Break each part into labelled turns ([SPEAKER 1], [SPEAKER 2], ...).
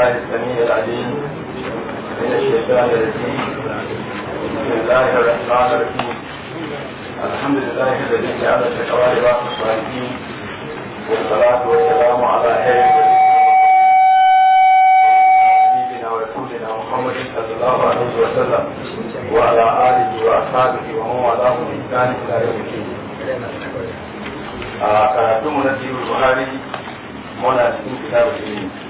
[SPEAKER 1] الله السميع العليم من الشيطان الرجيم بسم الله الرحمن الرحيم الحمد لله الذي جعل التقوى لباس الصالحين والصلاة والسلام على خير
[SPEAKER 2] حبيبنا ورسولنا محمد صلى الله عليه وسلم وعلى آله وأصحابه ومن والاه بإحسان إلى يوم
[SPEAKER 1] الدين. آه، آه، ثم نسيب البخاري مولى سيدنا كتاب الإيمان.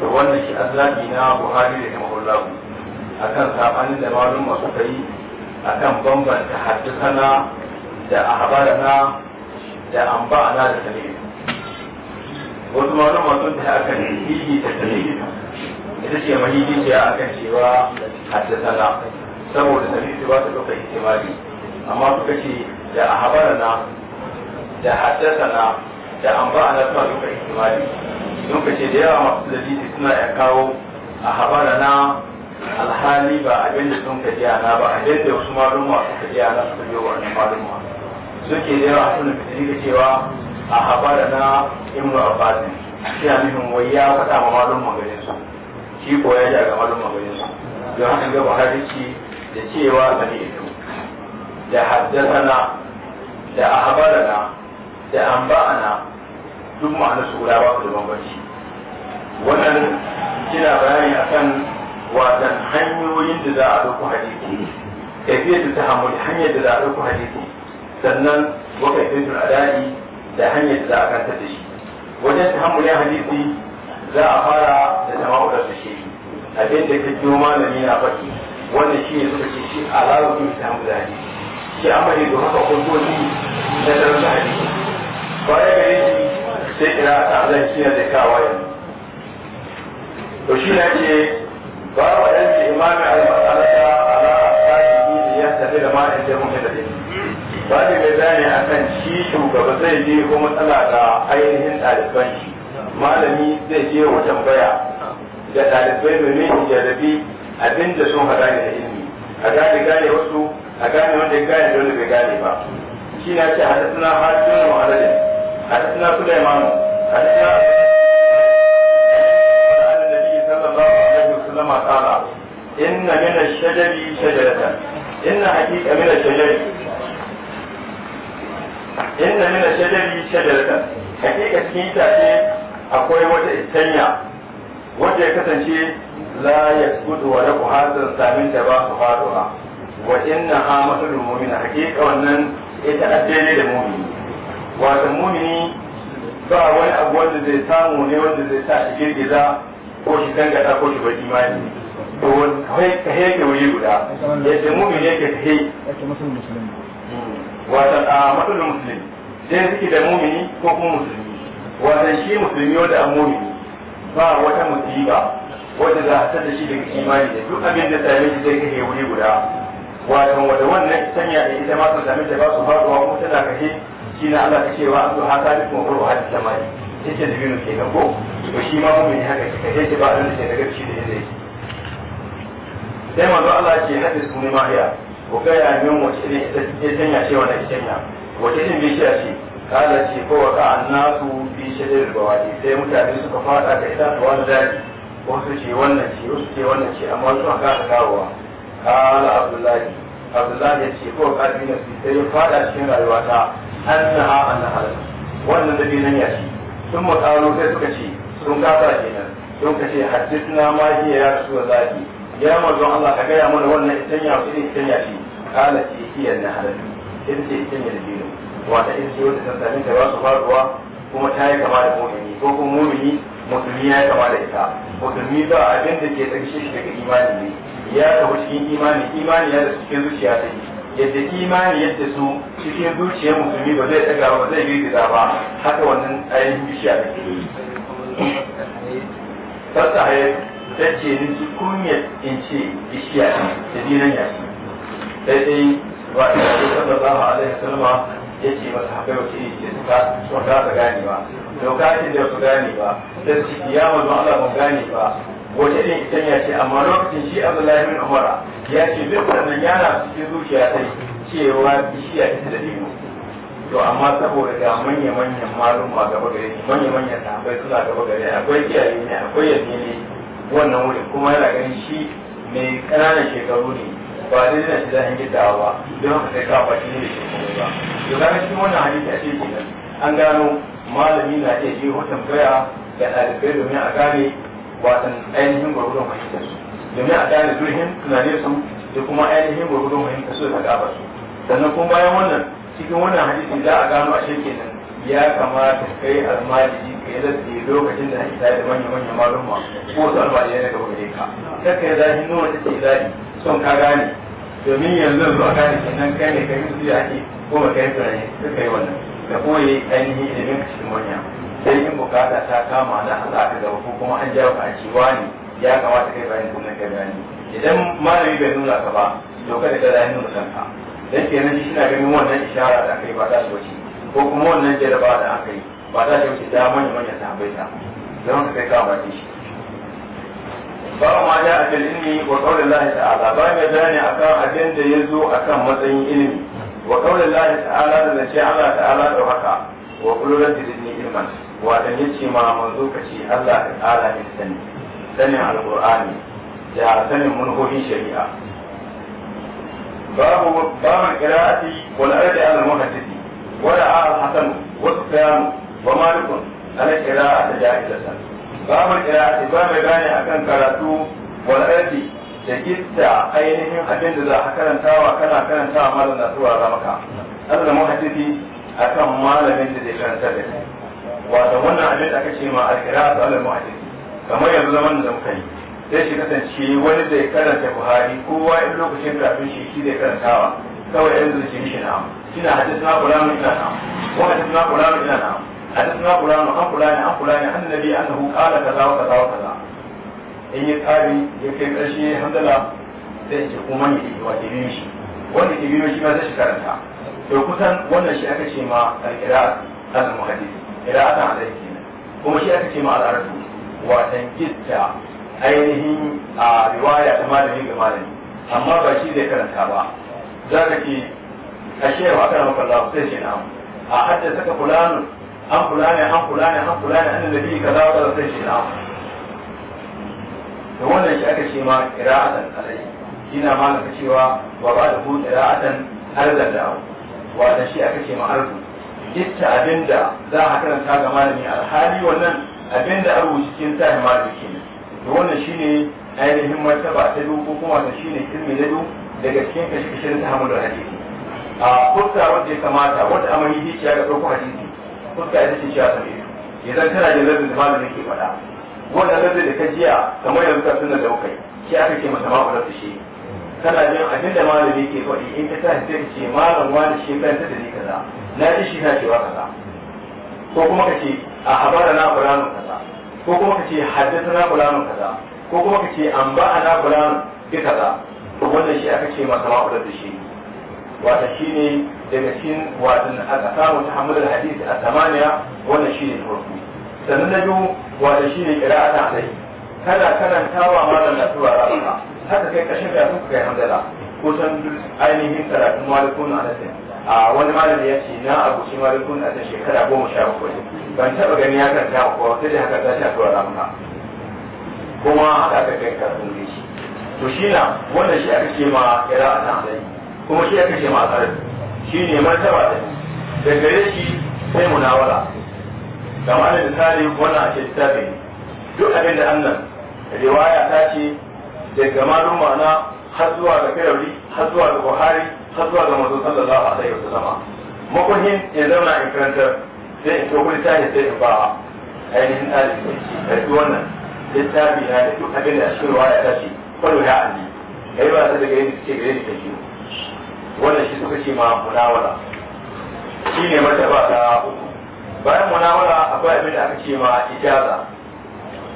[SPEAKER 1] to wannan shi azzaki na buhari da himahullahu akan sabanin da malum masu kai akan bambanta haddasana da ahbarana da amba'ana da talibin wasu malum masu da akan hihi da talibin ita ce mahidi ce akan cewa haddasana saboda talibin ba ta ɗauka ihtimali amma suka ce da ahbarana da haddasana da amba'ana suna ɗauka ihtimali lokaci da yawa masu dalili suna ya kawo a habara na alhali ba abin da sun ka na ba a da wasu malumma suka jiya na suka biyo wannan malumma suke da yawa suna fitiri da cewa a habara na ibnu abbas shi a nufin wai ya fata ma ma garin su shi ko ya ja ga ma garin su don haka ga buhari ci da cewa da bani ido da haddasana da ahbarana da amba'ana duk ma'ana su guda ba su da bambanci wannan kina bayani akan wadan hanyoyin da za a ɗauko hadisi kafiyar da ta hamuli hanyar da za a ɗauko hadisi sannan waka kafiyar adadi da hanyar da za a kanta da shi wajen ta hamulin hadisi za a fara da tamawar da shi abin da ka biyo malami na faɗi wannan shi ne suka ce shi alawu ne ta hamulin hadisi shi amma ne don haka hujjoji na darajar hadisi baya gare shi sai ina ta zan kiyar da kawai yanzu to shi na ce ba wa ce imami al-masalata ala sashi ne ya tafi da ma'in mun da dai ba da mai zane a kan shi shugaba zai je ko matsala ga ainihin ɗaliban shi malami zai je wa tambaya da ɗalibai mai ne jarabi abinda sun haɗa ne da ilimi a gane gane wasu a gane wanda ya gane da bai gane ba shi na ce hadasuna hajjuna wa adadin حدثنا سليمان حدثنا عن النبي صلى الله عليه وسلم قال إن من الشجر شجرة إن حقيقة من الشجر إن من الشجر شجرة حقيقة كيتا akwai wata itanya wanda ya kasance la ya kudu wa laku hasan samin da ba su faduwa wa ha hakika wannan ita da mu'mini wato mumini ba wani abu wanda zai samu ne wanda zai sa shi girgiza ko shi dangata ko shi baki mai to ka heke wuri guda yadda mumini yake ka heke
[SPEAKER 2] hmm.
[SPEAKER 1] wato a matsalin musulmi sai suke da mumini ko kuma musulmi wato shi musulmi wanda a mumini ba wata musiba wanda za a tada shi daga imani da duk abin da same shi zai kake wuri guda wato wanda wannan sanya da ita ma su same ta ba su faruwa kuma tana kashe shi na Allah ta cewa to haka ne kuma ruwa ta samari yace da yin ke ko to shi ma mun haka kika yace ba Allah ce daga shi da yake sai manzo Allah ce hadis kun ma ya ko ga ya min wace ne ya tanya cewa na tanya wace ne bi shi ce kala ce ko wa annasu bi da bawadi sai mutane suka fada ga ita da wani ko wasu ce wannan ce su ce wannan ce amma su aka kawowa kala abdullahi abdullahi ya ce ko ka bi na sai ya fada cikin rayuwata annaha annahar wannan da binan ya ce sun makalu sai suka ce sun kasa kenan sun ka ce haddithna ma hiya ya zaki ya mazo Allah ka gaya mana wannan itan ya su itan ya ce kala ce na annahar ita ce itan ya dino wata in ce wata tantamin da ba su faruwa kuma ta yi kama da mu'mini ko kuma mu'mini musulmi ya yi kama da ita musulmi ba abin da ke tsarki shi daga imani ne ya kawo cikin imani imani ya da cikin zuciya ta yi yadda imani yadda su cikin zuciyar musulmi ba zai tsaga ba zai da ba haka wannan ayin bishiya da ke yi sassa hayar ta ce ni su kunyar in ce bishiya da dinan yaki sai dai ba a yi a alaihi wasallama ya ce masa haka yau ce ce ta suka kasa gane ba ka ce da su gane ba sai su ya mazu Allah ban gane ba wace ne ita ya ce amma lokacin shi abdullahi lahimin umar ya ce duk wannan yana cikin zuciya sai cewa bishiya ita da dino to amma saboda ga manya manyan ma gaba gare ni manya manyan sahabbai suna gaba gare ni akwai kiyaye ne akwai yadda ne wannan wurin kuma yana ganin shi mai ƙananan shekaru ne ba dai zina shi zahin gidawa ba don haka sai kafa shi ne shekaru ba to ga shi wannan hadisi a ce kenan an gano malami na iya ji wata tambaya da ɗalibai domin a gane watan ainihin gwargwadon fahimtar su domin a gane zurhin tunanin su da kuma ainihin gwargwadon fahimtar su da gaba su sannan kuma bayan wannan cikin wannan hadisi za a gano a shirke nan ya kamata kai almajiji ka yi zai lokacin da ita da da manyan manyan malumma ko su almajiji na gaba gare ka kakka ya zahi nuna ta ce zahi son ka gane domin yanzu yanzu a gane kenan kai ne kai musu ya ake ko ma kai tunanin kakka kai wannan da kuma yi ainihin ilimin cikin wannan sai yin bukata ta kama na haɗa ka da wasu kuma an jawo an ce ne ya kamata kai bayan kuma kai bayani idan malami bai nuna ka ba to kada ka zai nuna kanka dan kenan shi na ganin wannan ishara da kai ba ta shi wace ko kuma wannan jaraba da aka yi ba ta shi wace da manya manya ta ta don ka kai ka baki shi ba ma da a ilmi wa kawai lahi ta'ala ba ne a akan abin da ya zo akan matsayin ilimi wa kawai lahi ta'ala da zance Allah ta'ala da haka wa kullum da ilmi ilman wata ya ce ma manzo ka ce Allah ka tsara min sani sanin al'ƙur'ani da sanin manhojin shari'a babu babu qira'ati wal ardi al muhaddisi wa ra'a al hasan wa sufyan wa malik al qira'ati jaizatan babu qira'ati babu a kan karatu wani ardi da gista ainihin abin da za a karanta wa kana karanta wa malam na tura maka Allah muhaddisi akan malamin da zai karanta da kai wato wannan abin da aka ce ma al-qira'atu ala mu'addin kamar yanzu zaman da muka yi sai shi kasance wani zai karanta Buhari kowa in lokacin kafin shi shi da karantawa kawai yanzu shi shi na kina hadisna qur'anu ina na wa hadisna qur'anu ina na hadisna qur'anu an kula qur'ani an kula qur'ani annabi annahu qala kaza wa kaza wa kaza in yi tsari ya kai karshe hamdala sai ce kuma ne wa ke shi wanda ke shi ba zai shi karanta to kusan wannan shi aka ce ma al-qira'atu al kira'atan alai kenan kuma shi aka ce ma al'arfu watan gitta ainihin a riwaya ta malami ga malami amma ba shi zai karanta ba za ka ce a shi yawa kana maka Allah sai ce na'am a hadda saka fulanu an fulani an fulani an fulani an nabi kaza kaza sai ce na'am to wannan shi aka ce ma kira'atan alai kina ma ka cewa wa ba da ku kira'atan arzan da'u wanda shi aka ce ma arzu abin abinda za a karanta ga malami alhali wannan abinda a rubuci cikin tahi malami ke to wannan shine ainihin martaba ta biyu ko kuma ta shine ilmi na biyu daga cikin kashe kashi ta hamadu hadisi a kusa wanda ya kamata wanda amari hiciya ga ɗauko hadisi kusa ita ce ciya ta biyu idan kana jin lardin da malami ke faɗa wannan lardin da ka jiya kamar yanzu ka suna da kai shi aka ce masa ma'urar da shi kana jin abin da malami ke faɗi in ka ta sai ce malam wani shi kanta da ni kaza na ji shi na cewa kaza ko kuma ka ce a habara na fulanun kaza ko kuma ka ce haddasa na fulanun kaza ko kuma ka ce an ba'a na fulanun duk kaza wannan shi aka ce masa ma'udar da shi wata shi ne daga cikin watan aka samu ta hamudar hadisi a samaniya wannan shi ne farko sannan na biyu wata shi ne kira ta alai kana wa malam na tura ra'ayi haka kai kashin da kuka kai hamdala kusan ainihin karatun malikun anasin a wani malami ya ce na ma malikun a ta shekara goma sha bakwai ban taɓa gani ya ta ko sai da haka ta sha tura ramuna kuma haka aka kai karatun da shi to shi na wannan shi aka ce ma kira a tanzani kuma shi aka ce ma a shi ne martaba da gare shi sai munawara kamar da misali wannan a ce littafi duk abin da annan riwaya ta ce daga malum ma'ana har zuwa ga firawri har zuwa ga buhari har zuwa ga manzo sallallahu alaihi wasallam makonin ya zauna in karanta sai in ɗauko littafi sai in ba ainihin ɗalibi da shi wannan littafi na da duk abin da a cikin ruwaya tashi ce kwallo ya alli kai ba ta daga yin ce gare ni ta shi wannan shi suka ce ma munawara shi ne ba ta uku bayan munawara akwai abin da aka ce ma ijaza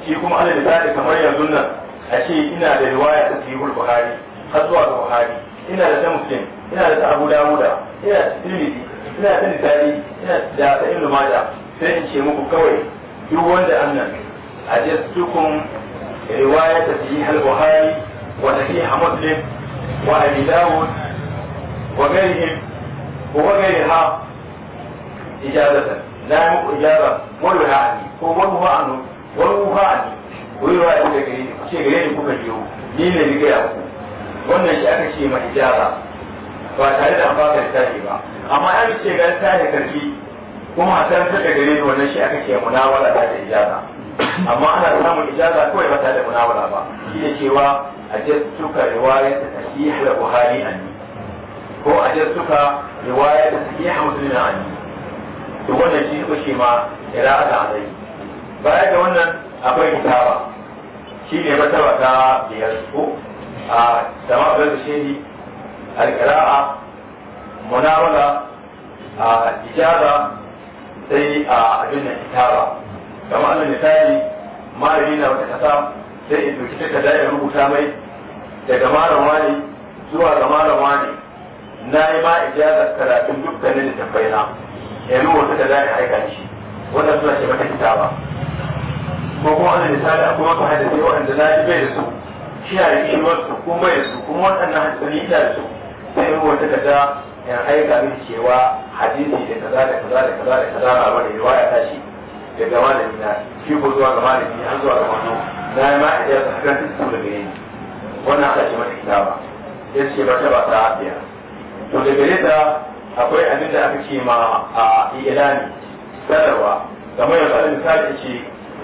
[SPEAKER 1] shi kuma ana misali kamar yanzu nan a ce ina da riwaya ta sahihul buhari har zuwa ga buhari ina da ta muslim ina da abu dawuda ina da tirmidhi ina da nisari ina da sa'in lumada sai in ce muku kawai duk wanda annan a je jastukum riwayat sahih al-bukhari wa sahih muslim wa abi dawud wa ghayrihim wa ghayriha ijazatan la muku ijaza wani ha'ani ko wani ha'ani wani ha'ani ko yi ra'ayi da gare ni ce gare ni kuka biyo ni ne ni gaya ku wannan shi aka ce ma ijaza ba tare da an baka littafi ba amma an ce ga littafi karfi kuma a san saka gare ni wannan shi aka ce munawara ta da ijaza amma ana samun ijaza kawai ba tare da Munawara ba shi da cewa a suka riwayat ta sahih da buhari ni. ko a suka riwayat ta sahih a ni. to wannan shi ko shi ma qira'a da alai baya da wannan akwai kitaba shi ne mataba ta biyar ko a sama da shehi alƙira'a munawala a ijaza sai a abin nan kitaba kamar annan misali malami na wata kasa sai in ɗauki takarda in rubuta mai daga malam wani zuwa ga malam wani na yi ma ijazar karatun dukkanin littattafai na yanzu wata da za a aika shi wannan suna ce mata kitaba ko kuma wani misali akwai wata hadisi waɗanda na yi bai da su shi a yi shi wasu kuma bai su kuma waɗannan hadisi ni da su sai in wata kaza ya aika miki cewa hadisi da kaza da kaza da kaza da kaza na wani riwaya ta shi daga ni na shi ko zuwa ga malami an zuwa ga wani na yi ma idan ka hakan ta su da ni wannan aka ce mata kitaba ya ce ba ta ba ta abiya to gare ta akwai abin da aka ce ma a ilani sanarwa kamar ya fara misali ce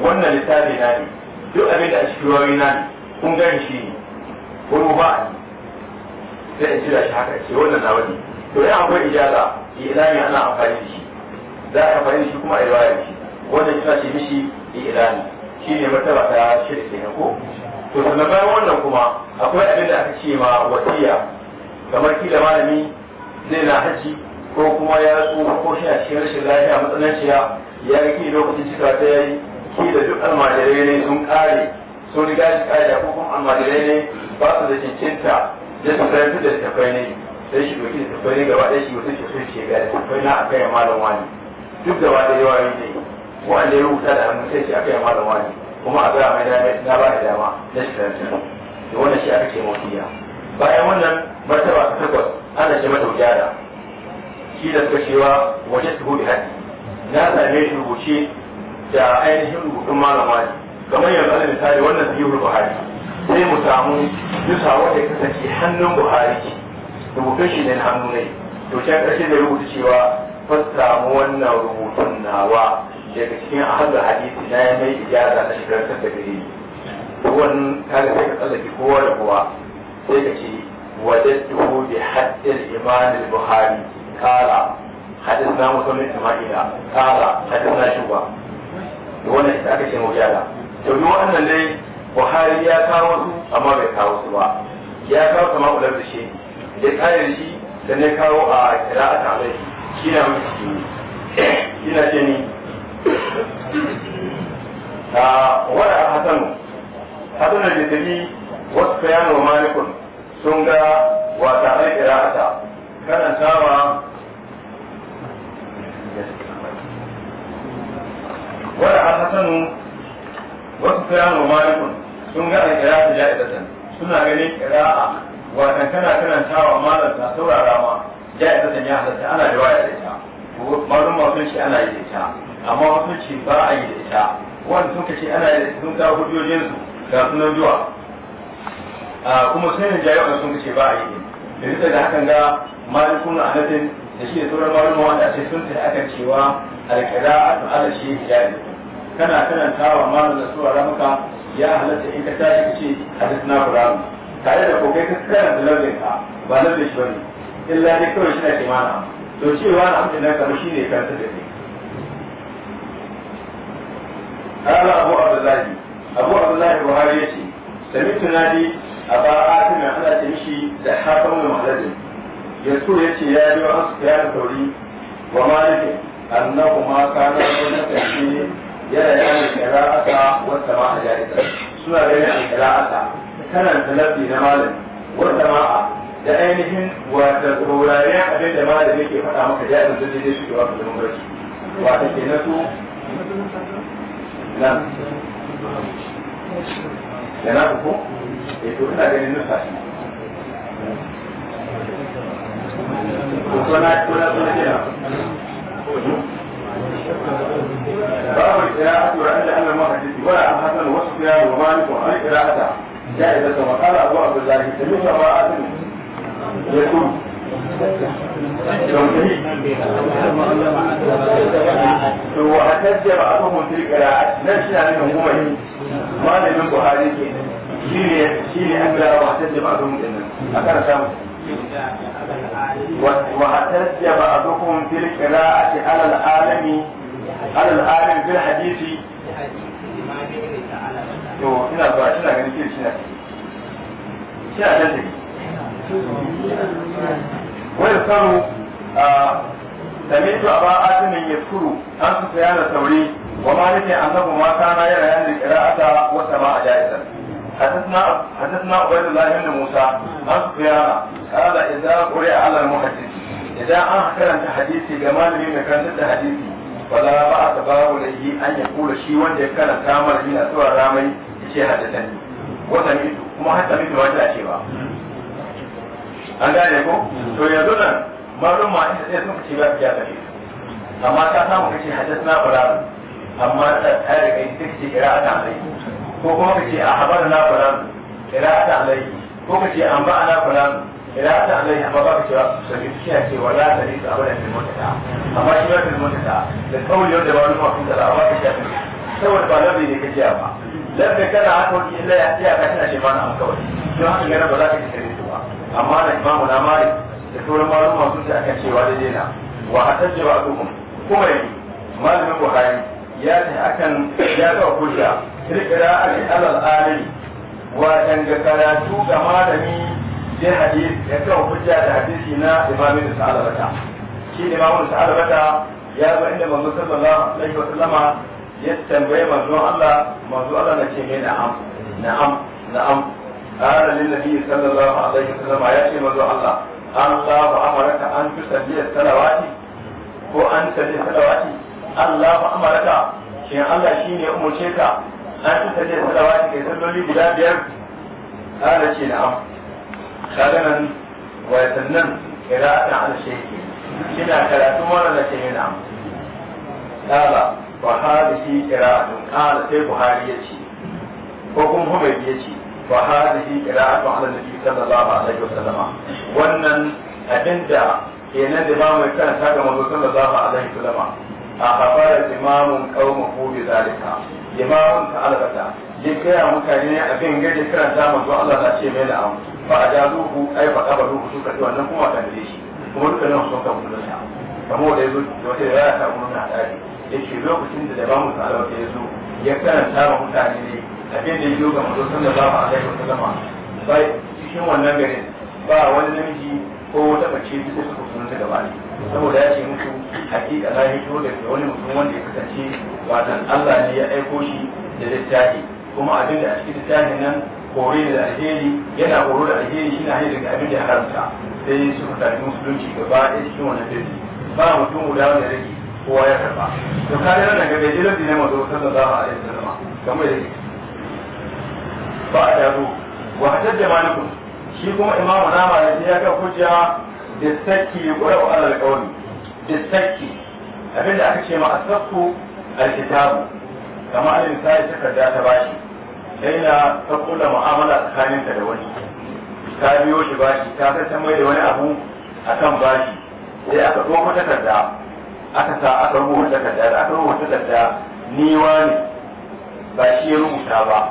[SPEAKER 1] wannan littafi na ne duk abin da a cikin rawi na ne kun gani shi ne ko ba ni sai in da shi haka ce wannan na wani to ya akwai ijaza ilani ana amfani da shi za a amfani da shi kuma a yi da shi wannan suna ce mishi ilani shi ne martaba ta shirya kenan ko to sannan bayan wannan kuma akwai abin da aka ce ma wasiya kamar ki da malami zai na hajji ko kuma ya rasu ko shi a cikin rashin lafiya matsananciya ya ga ki lokacin cika ta yayi ki da duk almajirai ne sun kare sun riga shi kare ko kuma almajirai ne ba su da cincinta ya su karatu da tafai ne sai shi doki da tafai ne gaba ɗaya shi mutum shi ce ga tafai na a kai akai malam wani duk da wani yawa yi ne wanda ya rubuta da hannu sai shi a kai akai malam wani kuma a gaya mai dama na ba da dama na shi karatu da wannan shi aka ce mafiya bayan wannan martaba ta takwas ana ce mata wujara shi da suka cewa wajen tuhu bi haɗi na same shi rubuce da ainihin rubutun malam wani kamar yanzu ana misali wannan yi sahihul buhari sai mu samu nusa wanda kasance hannun buhari ce rubutun shi ne hannu ne to can karshe da rubuta cewa fassa wannan rubutun nawa daga cikin ahalar hadisi na ya mai ijara na shigar ta da gari wani kaga sai ka tsallake kowa da kowa sai ka ce wajadtuhu bi haddil iman al-buhari qala hadithna muslim isma'ila qala na shuba wannan ita aka ce mujala to ni wannan dai buhari ya kawo su amma bai kawo su ba ya kawo sama ular da shi da kayan shi da ne kawo a kira a tare shi na mutu shi na ce ni a wada hasanu hasanu da tafi wasu kayan wa malikun sun ga wata ta karantawa wada hasanu wasu kiranu malikun sun ga an kira ta ja'idatan suna ganin kira'a watan kana kana karantawa malam ta saurara ma ja'idatan ya halatta ana da waya da ita malum masu ce ana yi da ita amma wasu ce ba a yi da ita wanda sun ce ana yi da sun kawo hujjojinsu ga sunan zuwa kuma sai da jayyawa sun ce ba a yi da ita da hakan ga malikun anatin da shi da sauran malum wanda a ce sun ce akan cewa alƙira'atu ala shi hijabi kana karanta wa malam da su a ramuka ya halatta in ka tashi ka ce hadis na kuramu tare da kokai ka karanta da lauyin ka ba na bai shi bane illa dai kawai shi na imana. to cewa na hamdi na kamar shi ne karanta da ni. kala abu abdullahi abu abdullahi buhari ya ce sami tunadi a ba'a ta mai halatta mishi da hakan mai mahalajin ya so ya ce ya yi wa an su kayar tauri wa malikin annahu ma kana wani kan shi yana da yana kira'ata wata ma a jari'a suna da yana kira'ata karanta lafi na malam wata a da ainihin wata tsauraren abin da malam yake faɗa maka jari'a da daidai shi wa kuma barci wata ke na su nan
[SPEAKER 2] da na ko eh to ina ganin nufa shi ko na ko na ko
[SPEAKER 1] na باب القراءة وعند أن المحدث ولا حسن وسفيان ومالك وعن قراءته جائزة وقال أبو عبد الله سمع قراءة يكون وحتج بعضهم في القراءة نفس عن همومه ما لم يكن هذه شيء شيء أكبر وحتج بعضهم أكثر سامح واحتج بعضكم في القراءة على العالم على العالم في الحديث to ina ba ina ganin ke shi na shi a nan wai da sanu a sami to aba ya kuru an su saya da sauri wa ma a annabi mata na yara yan da qira'ata wa sama'a jaizan حدثنا حدثنا عبيد الله بن موسى عن سفيان قال اذا قرئ على المحدث اذا ان كان حديثي جمال من كان حديثي فلا بعد باب له ان يقول شي وند كان كامل من سوى رامي يشي حدثني وسمعت kuma حتى sami ba ta ce ba an gane ko to yanzu nan marun ma inda sai sun fice ba ya tafi amma ta samu kace hadisna bara amma ta tare kai take kira ta alai ko kuma ka ce a habar na fulan ta alai ko ka ce an ba'ana fulan ta alai amma ba ka ce sabi kiya ce wala tariqa abada fil mutata amma shi ba fil mutata da kawai yau da ba ruwa kun da ba ka ce saboda ba labi ne ka kake ba labi kana haka wani illa ya a ka tana shema na kawai don haka gana ba za ka ce sai ba amma da imamu na mari da sauran maluma sun ce akan cewa daidai na wa a hasan jawa kuma yi malamin buhari ya ce akan ya ga kuja kirkira alal alami watan ga karatu ga malami da hadis ya kawo hujja da hadisi na imamin da sa'alabata shi imamin da sa'alabata ya zo inda manzo sallallahu alaihi wa sallama ya tambaye manzo Allah manzo Allah na ce mai na'am na'am na'am qala lin nabi sallallahu alaihi wa sallama ya ce manzo Allah an Allahu amaraka an tusalli salawati ko an tusalli salawati Allahu amaraka shin Allah shine umurce ka na tun da zai faɗa wani kai salloli guda biyar ana ce na am. kaga nan watan nan kira'atan ala shaiki kina karatu wannan na ke yi na am. kala buhari shi kira kira'atun kala sai buhari ya ce ko kuma humaydi ya ce buhari kira'atun ala nabi sallallahu alaihi wasallama wannan abinda kenan da ba mai karanta ga manzo sallallahu alaihi wasallama a kafarar imamun qaumahu bi zalika limamun ta albata ya gaya mutane abin gaje karanta manzo Allah ta ce mai na'am fa ai ba fa qabaluhu suka ce wannan kuma ta dare shi kuma duka nan sun ka kula sa kamar da yazo da wata riwaya ta na ta dare yake lokacin da limamun ta albata zo ya karanta ma mutane ne abin da yiwo ga a sallallahu ta zama. bai cikin wannan garin ba wani namiji ko wata mace duka suka sunta gaba ne saboda ya ce muku hakika na hito da wani mutum wanda ya kasance watan Allah ne ya aiko shi da littafi kuma abin da a cikin littafin nan kore da alheri yana horo da alheri shi na hanyar daga abin da ya haramta sai su tafi musulunci gaba ɗaya cikin wannan fesi ba mutum guda wanda rage kowa ya karba to kare nan daga gajeren da ne mazo sallallahu alaihi wasallam kamar yadda ba a yaro wa hadda malikun shi kuma imamu na malaki ya ga hujja wa bisakki walau da alƙawli abin da aka ce ma asakku alkitabu kamar alin sai takarda ta bashi daina ta kula mu'amala tsakaninta da wani ta biyo shi bashi ta san mai da wani abu akan bashi sai aka ɗauko takarda aka sa aka rubuta takarda da aka rubuta takarda ni wani ba shi ya rubuta ba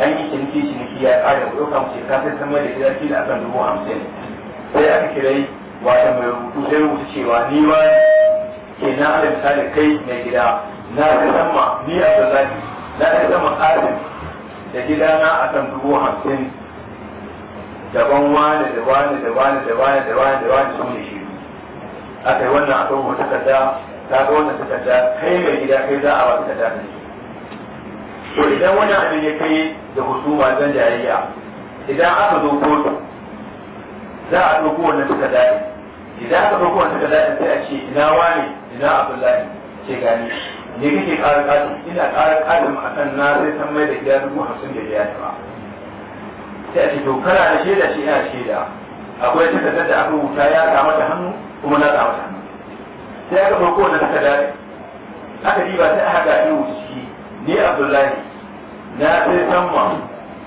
[SPEAKER 1] an yi ciniki ciniki ya ƙara ku ɗauka mu ce ka san mai da gida kila akan dubu hamsin sai aka kirai wata mai rubutu sai rubutu cewa ni ba ke na ala misali kai mai gida na ka zama ni a zaki na ka zama adam da gida na a kan dubu hamsin daban wani da wani da wani da wani da wani da wani su ne shi a kai wannan kan wata takarda ta ga wannan takarda kai mai gida kai za a ba kada ne to idan wani abin ya kai da husuma zan jariya idan aka zo kotu za a ɗauko wannan suka daɗi idan aka ɗauko wannan suka daɗi sai a ce ina wani ina abdullahi ce gani ne kake ƙara ƙasin ina ƙara ƙasin a kan na zai san mai da gida dubu hamsin da biyar ba sai a ce to kana da shaida shi ina shaida akwai takardar da aka rubuta ya kama da hannu kuma na kama da hannu sai aka ɗauko wannan suka daɗi aka diba sai aka ga ɗin ciki ni abdullahi na sai san ma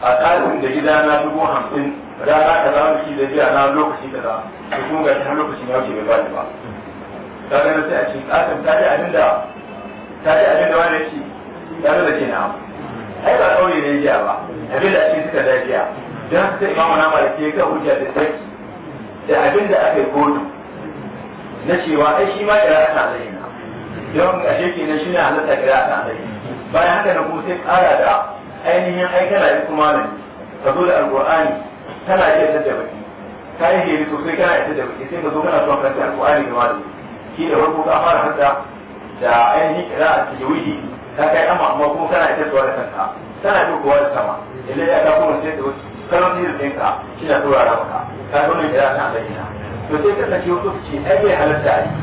[SPEAKER 1] a ƙasin da gida na dubu hamsin rana ka zamu ci da biya na lokaci kaza to kuma ga shi har lokacin ya wuce bai bani ba ta ga sai a ce kasan ta abin da. ta abin da wani ci ya zo da ke na ai ba kauye ne jiya ba Abin da ake suka dajiya don haka sai imamu na malaki ya hujja da tsaki da abinda aka yi kotu na cewa ai shi ma kira ta na. don ashe ke kenan shi ne halatta kira ta alaina bayan haka na kuma sai kara da ainihin aikala kuma ne ka zo da alƙur'ani tana iya isar da baki ka yi hiri sosai kana iya da baki sai ka zo kana son kanta alƙur'ani da wani shi da farko ka fara hadda da ainihin kira a tajawidi ka kai amma amma kuma kana iya da wani kanta tana dogowa da sama idan ya ka kuma sai da wasu kalmomin da ka shi na turara maka ka zo ne kira ta alayyana to sai ka kasance wasu su ce ai bai halatta a yi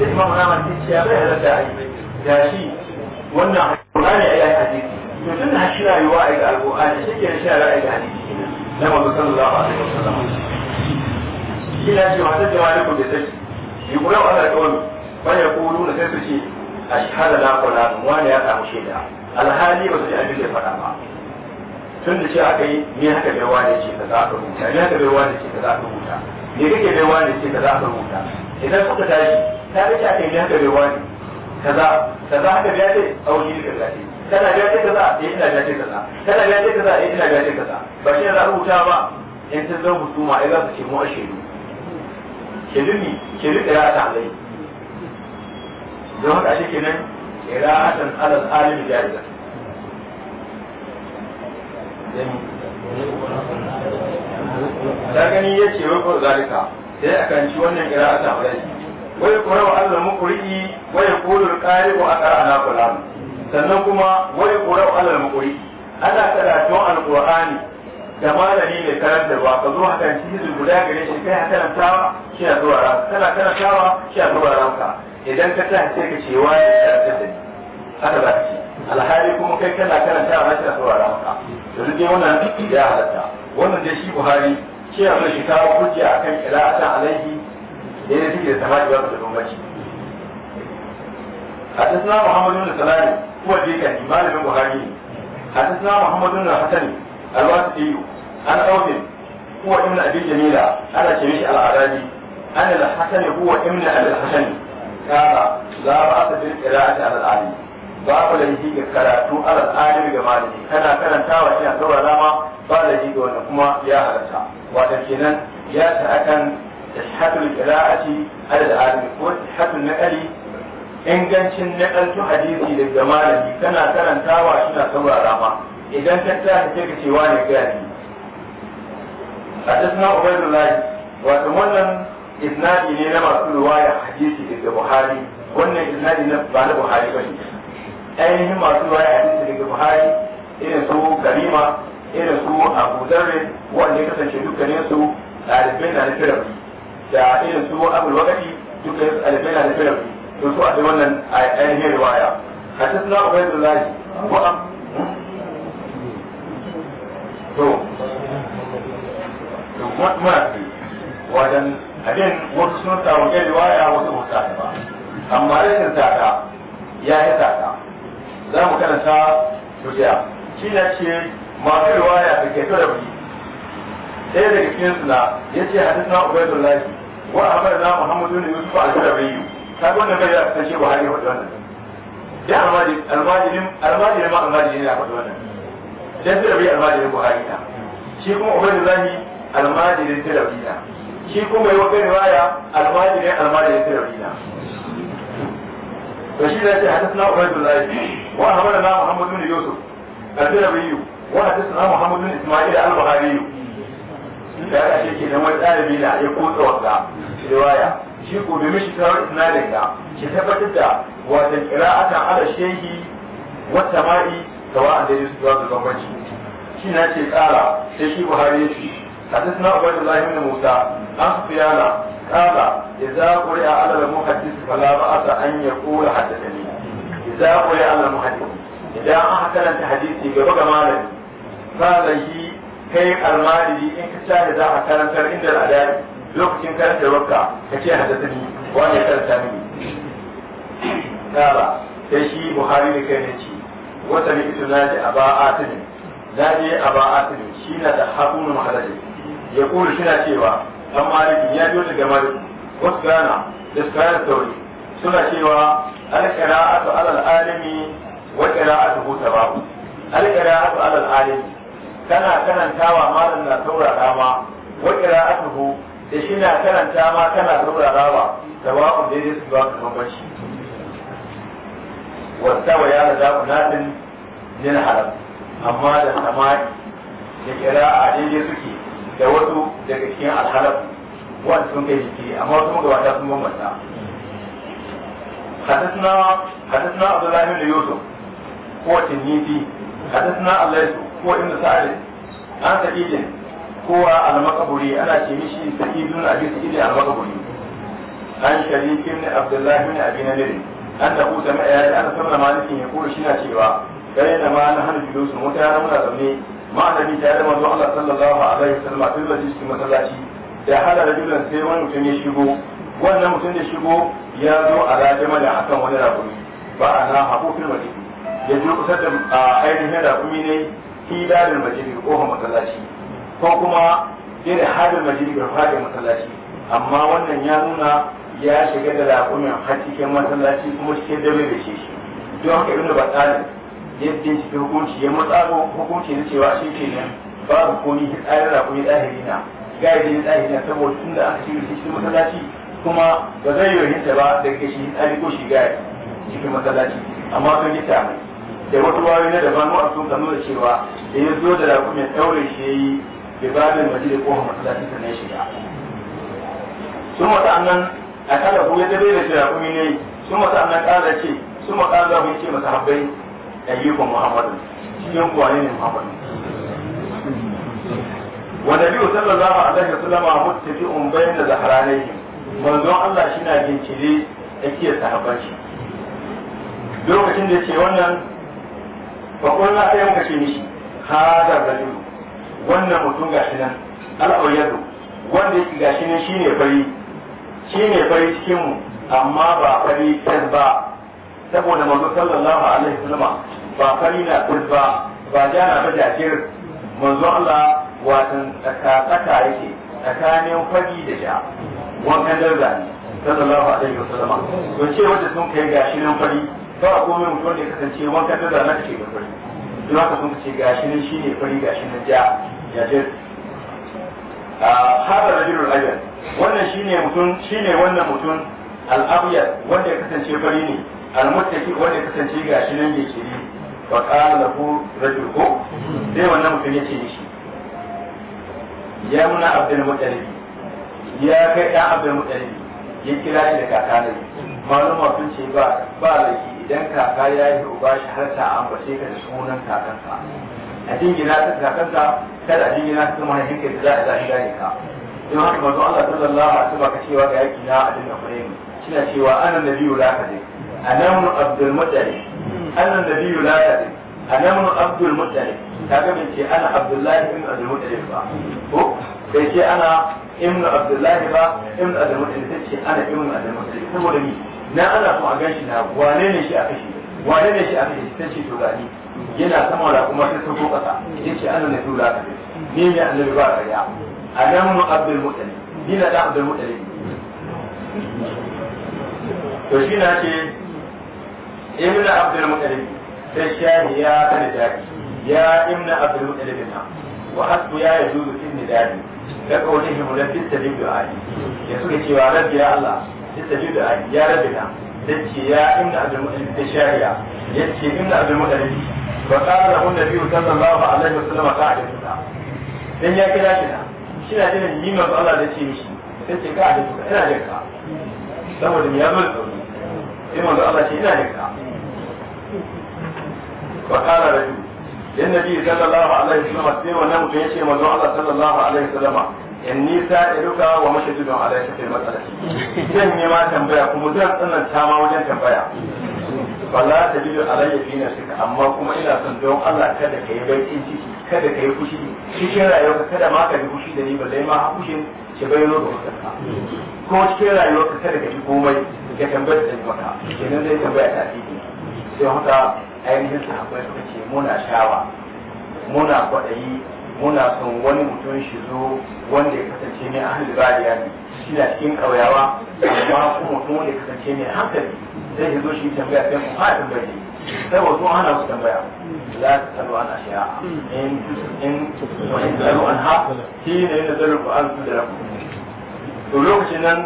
[SPEAKER 1] sai imam ramar sai ce bai halatta a yi ga shi wannan alƙur'ani a yi hadisi to tun da shi rayuwa a yi ga alƙur'ani shi ke shi ra'ayi ga hadisi na wasu sallallahu alaihi wasallam shi na ce mata jama'a da kuma sai yi kuma ana kawai bayan ko nuna sai su ce a shahada na kula wani ya samu shaida alhali ba su ji abin da faɗa ba tun da ce aka yi ni haka bai wani ce ka za ka rubuta ni haka bai wani ce ka za ka rubuta me kake bai wani ce ka za ka rubuta idan kuka tashi ta kace aka yi ni haka bai wani kaza kaza haka bai ce auki da kaza kana ga ce kaza eh ina ga ce kaza kana ga ce kaza eh ina ga ce kaza ba shi na rubuta ba in ta zama husuma ai za su ce mu a shedu shedu ne shedu da ya ta alai don haka ashe kenan qira'atan ala alal alim jaiza Ta gani ya ce wa ko zalika sai akan ci wannan qira'ata alai wai kuma wa Allah muqri wai yaqulu al-qari'u aqra'ana fulan sannan kuma wai qura'u alal muqri ana karatun Alƙur'ani da malami mai karantarwa ka zo hakan cikin guda gare shi kai hakan tawa shi a zuwa ranka kana kana tawa shi a zuwa ranka idan ka ta sai ka ce wani karantar da ni haka za ka ce alhali kuma kai kana karanta a zuwa ranka yanzu dai wannan ya halatta wannan dai shi buhari ce a shi kawo hujja akan qira'atan alaihi da yake da samadi ba su da bambanci حدثنا محمد بن سلام هو جيكا جمال بن بخاري حدثنا محمد بن الحسن الواسطي عن عوف هو ابن ابي جميله على جميع الاعرابي عن الحسن هو ابن ابي الحسن قال لا باس بالقراءه على العالم babu laifi ga karatu alal alimi ga malami kana karantawa ina saurara ma ba laifi ga wannan kuma ya halatta wato kenan ya ta akan sihhatul qira'ati ko ingancin na ɗauki hadisi daga malami kana karantawa suna saurara ba idan ka ta ta ka cewa ne ni a tasna ubaidullahi wato wannan isnadi ne na masu ruwaya hadisi daga buhari wannan isnadi na ba na buhari ba ne ainihin masu ruwaya hadisi daga buhari irin su karima irin su abu zarre wanda ya kasance dukkanin su ɗalibai na da da irin su abu wakati dukkanin su ɗalibai na da to su a dai wannan ainihin riwaya to wasu sun ba amma rashin ya yi tata za mu karanta shi na ce masu riwaya da ke da ɗaya daga cikinsu na ya ce ubaidullahi wa na muhammadu ne yusuf al-jarabiyu ka na wannan bai da san shi Buhari ya faɗi wannan da almajiri almajirin almajirin ma almajiri ya faɗi wannan dan da bai almajirin Buhari na shi kuma Ubaidullahi almajirin Tilawi na shi kuma yi wata riwaya almajirin almajirin Tilawi na to shi da ce hadisna Ubaidullahi wa hamadana Muhammad bin Yusuf al-Tilawi wa hadisna Muhammad bin Isma'il al-Bukhari da ya ake kenan wani ɗalibi na ya kotsa wanda riwaya shi ko domin shi tarar isnadin ga shi tabbatar da wata qira'atan ala shehi wa sama'i sawa'an da yusuf da bambanci shi na ce kara sai shi buhari ya ce hadisna ubaydullah ibn musa an sufyana kara idza quri'a ala al-muhaddis fala ba'sa an yaqula haddathani idza quri'a ala al-muhaddis idan an aka karanta hadisi gaba ga malami fa zai kai almadi in ka za a karantar inda al-adari lokacin karanta wakka ka ce haddasani wani karanta mini kaba sai shi buhari da kai ne ce wata ne ito naji a ba atini naji a ba atini shi na da hakunan maharaji ya kuri shi na cewa an maliki ya biyo da maliki wasu gana da su kayan sauri suna cewa a alƙira'atu alal alimi a ƙira'atu huta babu alƙira'atu alal alimi kana karantawa malam na saurara ma wa ƙira'atuhu da shi na karanta ma kana rawa da wa'un da zai su ba ka bambanci wasta wa yana ku munadin min haram amma da samari da kira a daidai suke da wasu daga cikin alhalar, wanda sun kai jiki amma wasu magabata sun bambanta حدثنا حدثنا عبد الله بن يوسف هو تنيتي حدثنا الله هو ابن سعد عن سعيد kowa al ana ce mishi sa'idun abin sa'id al almakaburi. an ne ibn abdullah ibn an nadir annahu sami'a ya an sanna malikin ya shi shina cewa da ma na hanu julusun wata yana muna zaune ma da ta tare manzo Allah sallallahu alaihi wasallam tun da cikin masallaci da hada rajulan sai wani mutum ya shigo wannan mutum da shigo ya zo a rajama da akan wani rakumi ba ana haƙo fil masjid ya je kusa da ainihin rakumi ne fi dalil masjid ko masallaci ko kuma irin hadin majini ga fadin masallaci amma wannan ya nuna ya shiga da raƙumin har cikin masallaci kuma cikin dabe da shi don haka ibn yadda ya bincike hukunci ya matsaro hukunci na cewa shi ke nan babu komi tsarin raƙumi tsahiri na gaidin tsahiri na saboda tun da aka shirya cikin masallaci kuma ba zai yi ta ba da ke shi tsari ko shi gaya cikin masallaci amma sun yi ta da wasu wayoyi na daban a sun kanu da cewa da ya zo da raƙumin ɗaure shi ya yi babin da ko masallaci ta ne shiga sun mata annan a kada ku ya dabe da shira kuma ne sun mata annan kada ce sun mata Allah ku ce masa habbai ayyukan Muhammadu cikin kwani ne Muhammadu biyu wa nabi sallallahu alaihi wasallam da bayna zahranihi manzon Allah shi na gincire yake sahabban shi lokacin da ce wannan fa kullu sai muka ce mishi hada rajul wannan mutum gashi nan al'auyadu wanda yake gashi nan shine fari shine fari cikin mu amma ba fari tas ba saboda manzo sallallahu alaihi wasallam ba fari na tas ba ba jana ba jajir manzo Allah watan tsaka tsaka yake tsakanin fari da ja wankan darda ne sallallahu alaihi wasallam to ce wanda sun kai gashi nan fari ba komai mutum da kasance wankan darda na take da fari in haka sun ce gashi shi ne kwari gashi nan ja a ah, harar rajulul ajiyar wannan ne mutum ne wannan mutum al'abiyar wanda ya kasance fari ne al wanda ya kasance gashi nan ya shiri wa qala lahu rajul ko sai wannan mutum ya ce shi ya muna abin muttalib ya kai ɗan abin muttalib ya kira shi da kakanai malama sun ce ba ba laifi idan kaka ya yi ruba shi har ta ambace ka da sunan kakanka a jingina ta kakanka kada a jingina ta zama hankinka da za a zahi gane ka don haka manzo Allah sallallahu alaihi wasallam ka cewa ga yaki na adin da kure ni shina cewa ana nabiyyu la kadai anamu abdul mutalib ana nabiyyu la kadai anamu abdul mutalib kaga bin ce ana abdullahi ibn abdul mutalib ba ko bai ce ana ibnu abdullahi ba ibnu abdulmutalib sai ce ana ibnu abdulmutalib saboda ni na ana so a ganshi na wane ne shi aka shi wane ne shi aka shi sai ce to gani yana sama da kuma sai sauko kasa yace ana ne dula ka ni ne annabi ba kariya anan mu abdulmutalib dina da abdulmutalib to shi na ce ibnu abdulmutalib sai shi ya kada jaki ya ibnu abdulmutalib na wa hasu ya yajuzu fi nidadi ga kaulihim la da du'ai ya suke cewa rabbi ya Allah da du'ai ya rabbi na dace ya inna abdul mu'min tashariya yace inna abdul mu'min wa qala lahu nabiyyu sallallahu alaihi wasallam qa'ida dan ya kira shi na shi na jin ni manzo Allah da ce mishi sai ce ka da ina da ka saboda ya zo da sai manzo Allah ce ina da
[SPEAKER 2] ka wa qala
[SPEAKER 1] rajul yan sallallahu alaihi wasallam sai wannan mutum yace manzo Allah sallallahu alaihi inni wa mashhadun alayka fil mas'alati zan yi ma tambaya kuma zan tsananta ma wajen tambaya wala tajidu alayya fi amma kuma ina son don Allah kada ka yi ciki kada ka kada ma fushi da ni fushin da ko kada ka muna shawa muna kwaɗayi muna son wani mutum shi zo wanda ya kasance mai a bariya ne shi na cikin ƙauyawa amma kuma mutum wanda ya kasance mai hankali zai zo shi tambaya sai mu fara tambaya ne sai wasu ana su tambaya za ka tsaro ana shi in in wani tsaro an ha shi ne yadda zarar ku an su da rabu to lokacin nan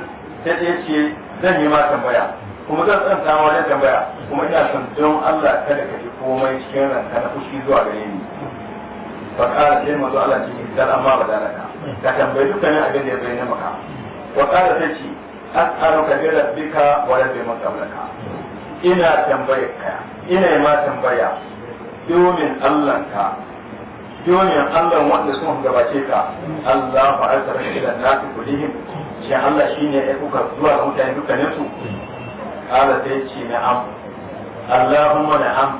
[SPEAKER 1] sai ya ce zan yi ma tambaya kuma zan san ta wajen tambaya kuma ina son don Allah kada ka ji komai cikin ranka na fushi zuwa gare ni fa qala sai manzo Allah ce dan amma ba da naka ka tambayi dukkanin abin da ya bayyana maka wa kana sai ce as'aluka bi rabbika wa rabbi maqamlaka ina tambayar ka ina ma tambaya domin Allah ka domin Allah wanda sun gabace ka Allah fa'alta rashidan nafi kulihim shi Allah shine ya kuka zuwa mutane dukkanin su kala sai ce na'am Allahumma na'am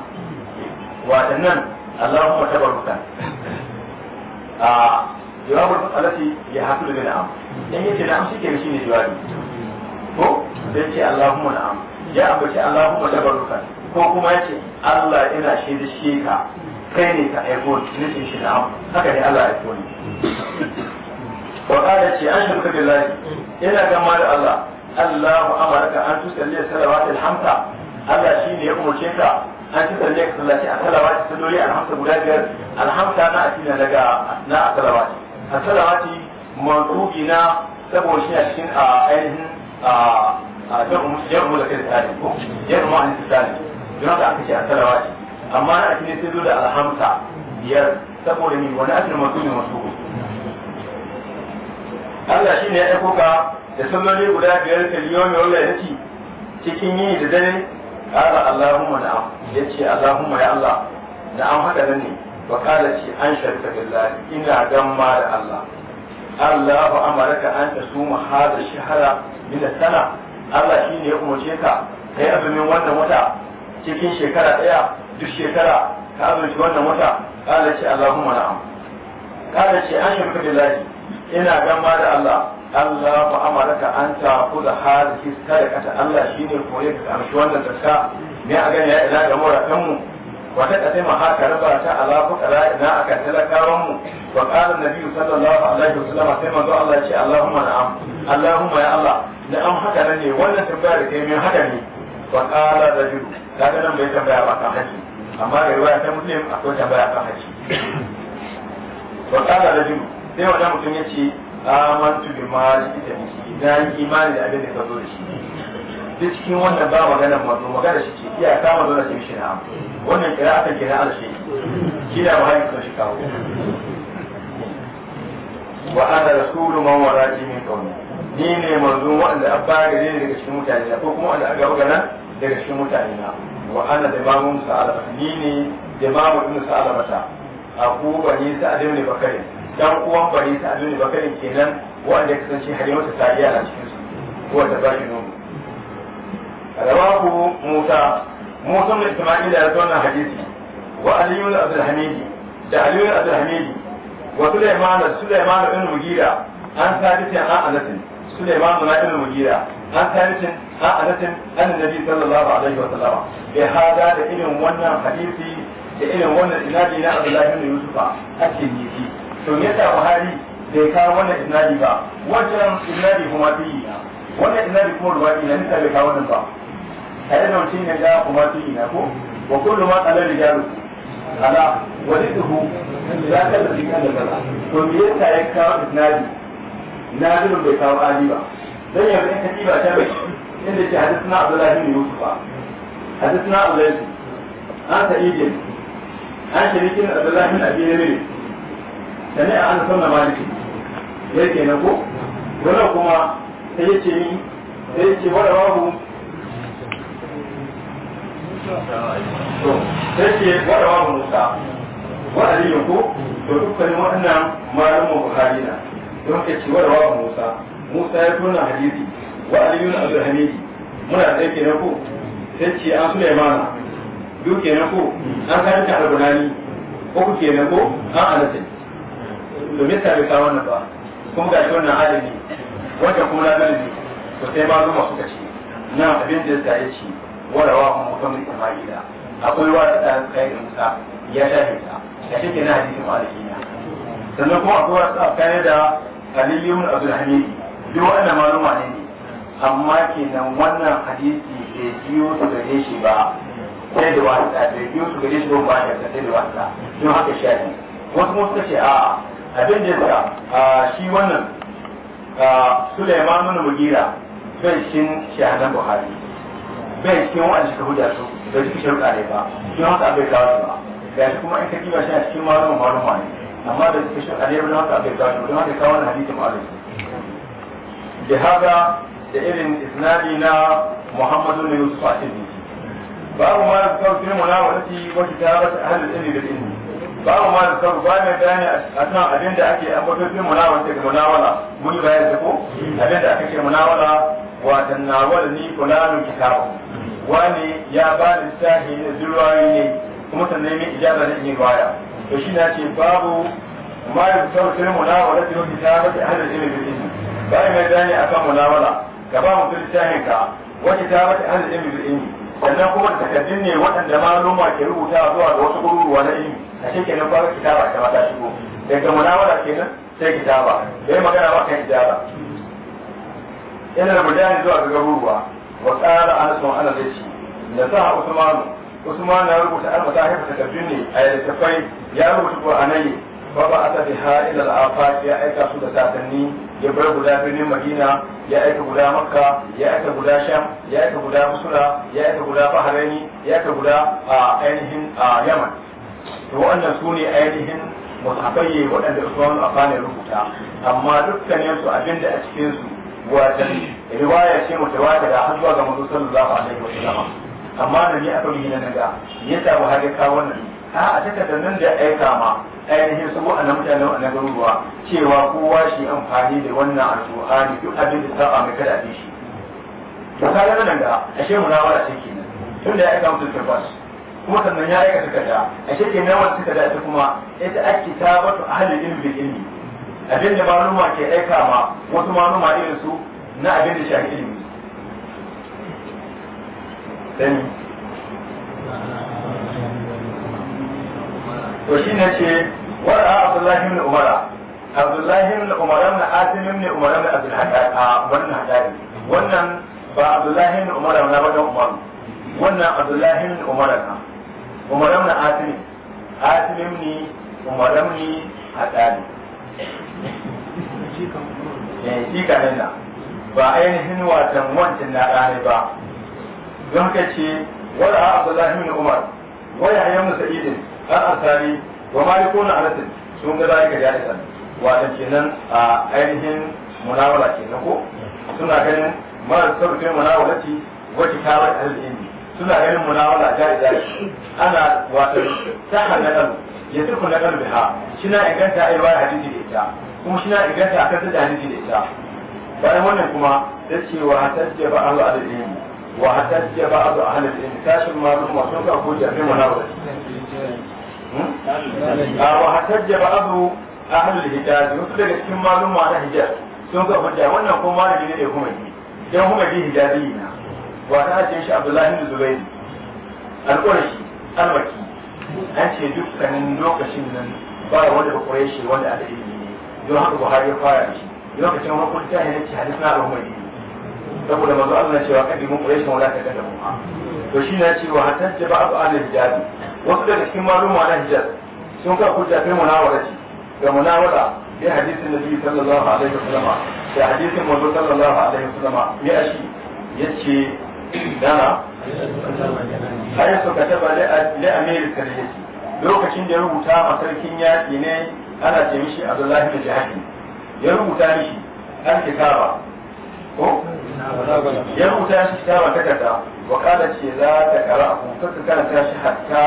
[SPEAKER 1] waɗannan Allahumma tabaruka a jawabul alati ya hasu da na'am dan yace na'am shike shi ne jawabi ko sai ce Allahumma na'am ya ambaci Allahumma tabaruka ko kuma ya ce, Allah ina shi da shi ka kai ne ka aiko nufin shi na'am haka ne Allah ya aiko ni wa qala ce an shirka billahi ina gama da Allah Allahu amaraka an tusalli salawatil hamsa Allah ne ya umurce ka an tusalli salati salawati salloli alhamsa guda biyar alhamsa na a asina daga na salawati salawati mansubi na saboda shi a cikin a ainihin a jamu da kai tsari ko jamu ma hadisi tsari don haka aka ce a salawati amma na asini sai zo da alhamsa biyar saboda ni wani asini mansubi mansubi Allah shi ne ya ɗauko ka da salloli guda biyar mai wanda ya ci cikin yi da dare kala Allahumma na'am ya ce Allahumma ya Allah na'am haka nan ne wa kala ce an sharka billahi ina gamma da Allah Allah ba amaraka an ta suma hada shahara min sana Allah shi ne ya umarce ka kai azumin wannan wata cikin shekara daya duk shekara ka azumi wannan wata kala ce Allahumma na'am kala ce an sharka billahi ina gamma da Allah Allah ka an ta kula hadisi sadaqata Allah shine koyar da amshi wannan zakka ne a gani ya ila ga muratan mu wa ta kace ma haka raba ta ala fuqara ina aka talakawan mu wa qala nabi sallallahu alaihi wasallam sai manzo Allah ya ce Allahumma na'am Allahumma ya Allah na'am haka ne wannan tambaya da kai min haka ne wa qala rajul kaga nan bai tambaya ba kan haji amma da riwaya ta muslim akwai tambaya kan haji wa qala rajul sai wannan mutum ya ce amantu bi ma ita biki na yi imani da abin da ka zo da shi duk cikin wannan ba maganar mazo magana shi ke iya kama dole sai shi na wannan kira akan kira al shi shi da wani ko shi kawo wa ana rasulu man warati min qawmi ni ne manzo wanda abba gare ni daga cikin mutane ko kuma wanda aka gana daga cikin mutane na wa ana da mamun sa'alaba ni ne da mamun sa'alaba ta aku ni sa'alim ne bakare dan uwan bari ta abin da bakarin kenan wanda ya kasance halimatu sa'iya na cikin su wanda za ki nuna rawahu musa musa mai isma'il da rasu wannan hadisi wa aliyun abdulhamidi da aliyun abdulhamidi wa sulaiman sulaiman ibn mugira an sadisin an anasin sulaiman na ibn mugira an sadisin an anasin annabi sallallahu alaihi wa sallam bi hada da irin wannan hadisi da irin wannan inadi na abdullahi ibn yusufa ake nifi to ne ta buhari bai kawo wannan isnadi ba wajen isnadi kuma tuyi na wannan isnadi kuma ruwaki na nisa bai kawo wannan ba tare da mutum ya ga kuma tuyi na ko wa kullu ma qala rijalu ala waliduhu za ka da dikan da kaza to me yasa ya kawo isnadi na zuru bai kawo ali ba dan yanzu in katiba ta bai inda ce hadisna abdullahi bin yusuf hadisna abdullahi an sa'idin an sharikin abdullahi bin abi ne sami'a an sunna maliki ke na ko wannan kuma sai ce ni sai ce wala babu to sai ce wala babu musa wala ne ko to dukkanin waɗannan malamin bukhari na don ka ce wala babu musa musa ya tona hadisi wa aliyun abdulhamidi muna da yake na ko sai ce an sulaimana biyu na ko an karanta albunani uku na ko an alatin to me yasa bai kawo wannan ba kuma ga wannan alimi wanda kuma na gani to sai ma zuma suka ce na abin da yasa ya ce warawa kuma mutum Isma'ila akwai wa da kai da Musa ya ne ta ya shi kenan hadisin malikina sannan kuma akwai wasu kai da Aliyu ibn Abdul Hamid duk wannan maluma ne ne amma kenan wannan hadisi bai biyo su gare shi ba sai da wasa bai biyo su gare shi ba ba da sai da wasa don haka shi ne wasu kuma suka ce a'a abin da a shi wannan Sulaiman bin Mugira bai shin shahadan Buhari bai shin wa'anda suka huda su da suke sharuɗa ne ba shi haka bai da su ba ga shi kuma in ka kiba shi a cikin malum malum ne amma da suke sharuɗa ne ba haka bai da su don haka kawo wannan hadisi ma'alum da haka da irin isnadi na Muhammadu ne Yusuf a cikin babu ma da kawo filmu na wani wata ta bata ahalin ilmi da babu ma da sauri ba mai bayani a kan abin da ake sai munawala ce munawala mun yi bayani da ko abin da aka ce munawala wa nawala ni kunanu kitabu wani ya ba lissafi da zurwayi ne kuma sannan nemi ijaza da yin waya to shi na ce babu ma da sauri sai munawala da wani kitabu da hada ilmi bil ba bayan mai bayani a kan munawala ka ba da littafin ka wani ba da hada ilmi bil ilmi sannan kuma da takaddun ne waɗanda maluma ke rubuta zuwa ga wasu gururuwa na ilimi. a cikin nan fara kitaba ta mata shigo daga munawara kenan sai kitaba yayi magana ba kan kitaba yana da mujahid zuwa ga garuruwa wa qala anasun ana da shi da sa usmanu usman ya rubuta al-masahib ta tabbini a littafai ya rubuta qur'anai fa ba ata biha ila al-afaq ya aika su da satanni ya bar guda birnin madina ya aika guda makka ya aika guda sham ya aika guda busra ya aika guda bahraini ya aika guda a ainihin a yaman to wannan su ne ainihin musafai waɗanda Usman Affan ya rubuta amma dukkanin su abinda a cikin su watan riwaya ce wata da zuwa ga manzo sallallahu alaihi wa sallam amma da ni aka yi nan ga yasa ba haka ka wannan a a da nan da aika ma ainihin su wa'annan a na garuruwa cewa kowa shi amfani da wannan alƙur'ani duk abin da sa'a mai kada a shi to kaga nan da ashe wara ce kenan tunda ya aika mutum tabbas kuma sannan ya aika takarda a shekin na wata takarda ita kuma ita ake ta wato ahalin ilmi da ilmi abin da maluma ke aika ma wasu maluma irin su na abin da shafi ilmi
[SPEAKER 2] sani to shi ne ce a abdullahi
[SPEAKER 1] ibn umara abdullahi ibn umara na asim ibn umara na abdul a wannan hadari wannan ba abdullahi ibn umara na wajen umaru wannan abdullahi ibn umara na umar ibn asim asim ibn umar ibn hadabi eh shi kanin na ba ainihin watan wancan na ɗane ba don haka ce wala abdullahi ibn umar waya hayyan musa'idin an asari wa malikuna anasin sun ga zalika jahisan watan kenan a ainihin munawala kenan ko suna ganin mara sabbin munawalati wacce ta bar suna ganin munawala jaiza ana wato ta hannakalu ya tuku na kan biha shi na inganta a yawa hadisi da ita kuma shi na inganta a kan da hadisi da ita bayan wannan kuma ta ce wa hatajja ba ahlu al-ilm wa hatajja ba ahlu al-ilm tashin ma duk masu ka ko jami'in munawala hmm? wa hatajja ba ahlu ahlu al-hijaz wasu daga cikin malum ma na hijaz sun ga hujja wannan kuma malami ne da kuma yi dan kuma bi hijazi na wa ta hajjin shi abdullahi bin zubairi al-qurashi al-makki an ce duk sanin lokacin nan ba wanda ba shi wanda aka yi ne don haka buhari ya fara shi lokacin wani ta ne ce hadisi na al-umari saboda manzo Allah cewa kadimu quraishi wala ta kadamu to shi na cewa hatta da ba'd al-hijaz wasu daga cikin maluma na hijaz sun ka kuja kai munawara ce ga munawara bi hadisin nabi sallallahu alaihi wasallam da hadisin manzo sallallahu alaihi wasallam ya shi yace dama bayan suka taba la'amir sarjeti lokacin da ya rubuta ma sarkin yaƙi ne ana ce mishi abdullahi da jihadi ya rubuta mishi an kitaba ko ya rubuta shi kitaba ta kasa wa kada ce za ta kara ta ka karanta shi hatta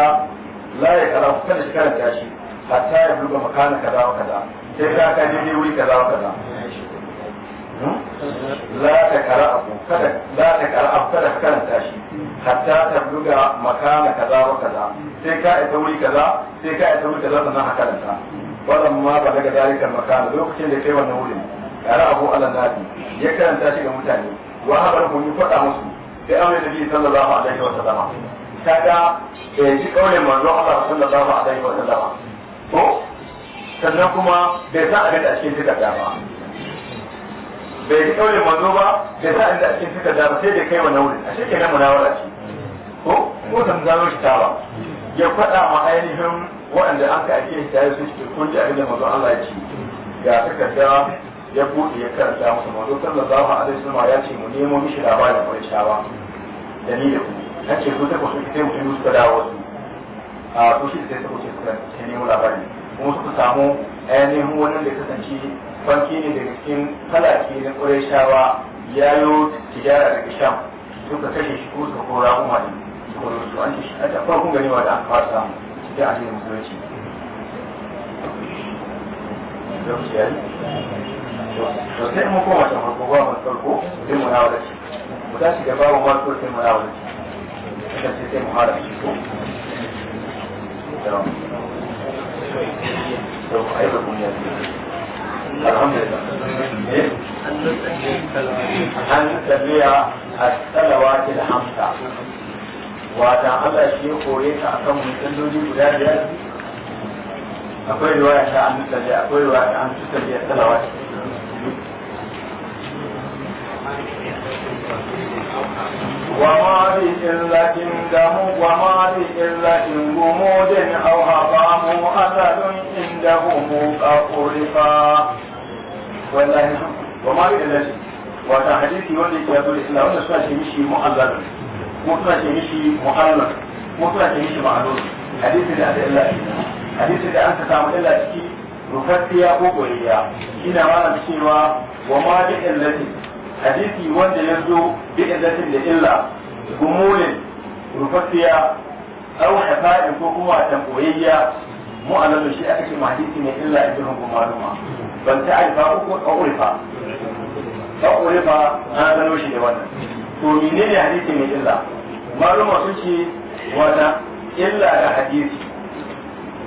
[SPEAKER 1] la ya kara kada shi karanta shi hatta ya buga makana kaza wa kaza sai ka ka daidai wuri kaza wa kaza la ta kara abu kada la ta kara abu kada ka karanta shi hatta ta buga makana kaza wa kaza sai ka isa wuri kaza sai ka isa wuri kaza sannan ka karanta ma ba daga dalikan makana lokacin da kai wannan wurin kara abu ala nabi ya karanta shi ga mutane wa habar ku yi faɗa musu sai shi Allah kuma bai sa abin cikin bai kaure manzo ba bai sa inda ake fita da sai da kai wannan wuri a shekara munawara ce ko ko san zaro shi tawa ya faɗa ma ainihin waɗanda an ka ake shi tare su ce kun ji abin da manzo Allah ya ce ga takarda ya buɗe ya karanta musu manzo sallallahu alaihi wasallam ya ce mu nemo mishi labarin Qurayshawa da ni da ku na ce ku ta ku sai mutum suka dawo su a ku shi sai suka ce suka nemo labarin kuma suka samu ainihin wannan da kasance banki ne daga cikin halaki na ƙurashawa ya yi tijara daga sham duka kashe shi ko kora kuma ne su an ci a farkon ganewa da an fasa cikin ajiyar musulunci lokaci yayi to sai mu koma ta farko ba mu farko sai mu shi mu babu ma ko sai mu shi sai mu shi ko to الحمد لله أن تبيع الصلوات الخمسة وأن الله شيء قويك أكم من تلوجي بلا بلا أقول رواية عن تبيع أقول رواية عن تبيع الصلوات وما بإلة دم وما بإلة جمود أو هضام أسد عندهم أغرقا والله وما يدلش wata hadisi wanda yazo da islam wanda suna ce mishi mu'allal ko suna ce mishi mu'allal ko suna ce mishi ma'alul hadisi da da illa hadisi da an ka samu illa ciki rufaffiya ko goriya ina mana cewa wa ma bi illati hadisi wanda ya zo bi illatin da illa gumulin rufaffiya aw hafa'in ko kuma tamboyayya mu a nan shi ake ce ma hadisi ne illa ibn hukum maluma ban ta arifa ko ko urifa ko urifa an gano shi ne wannan to menene hadisi ne illa maluma sun ce wata illa da hadisi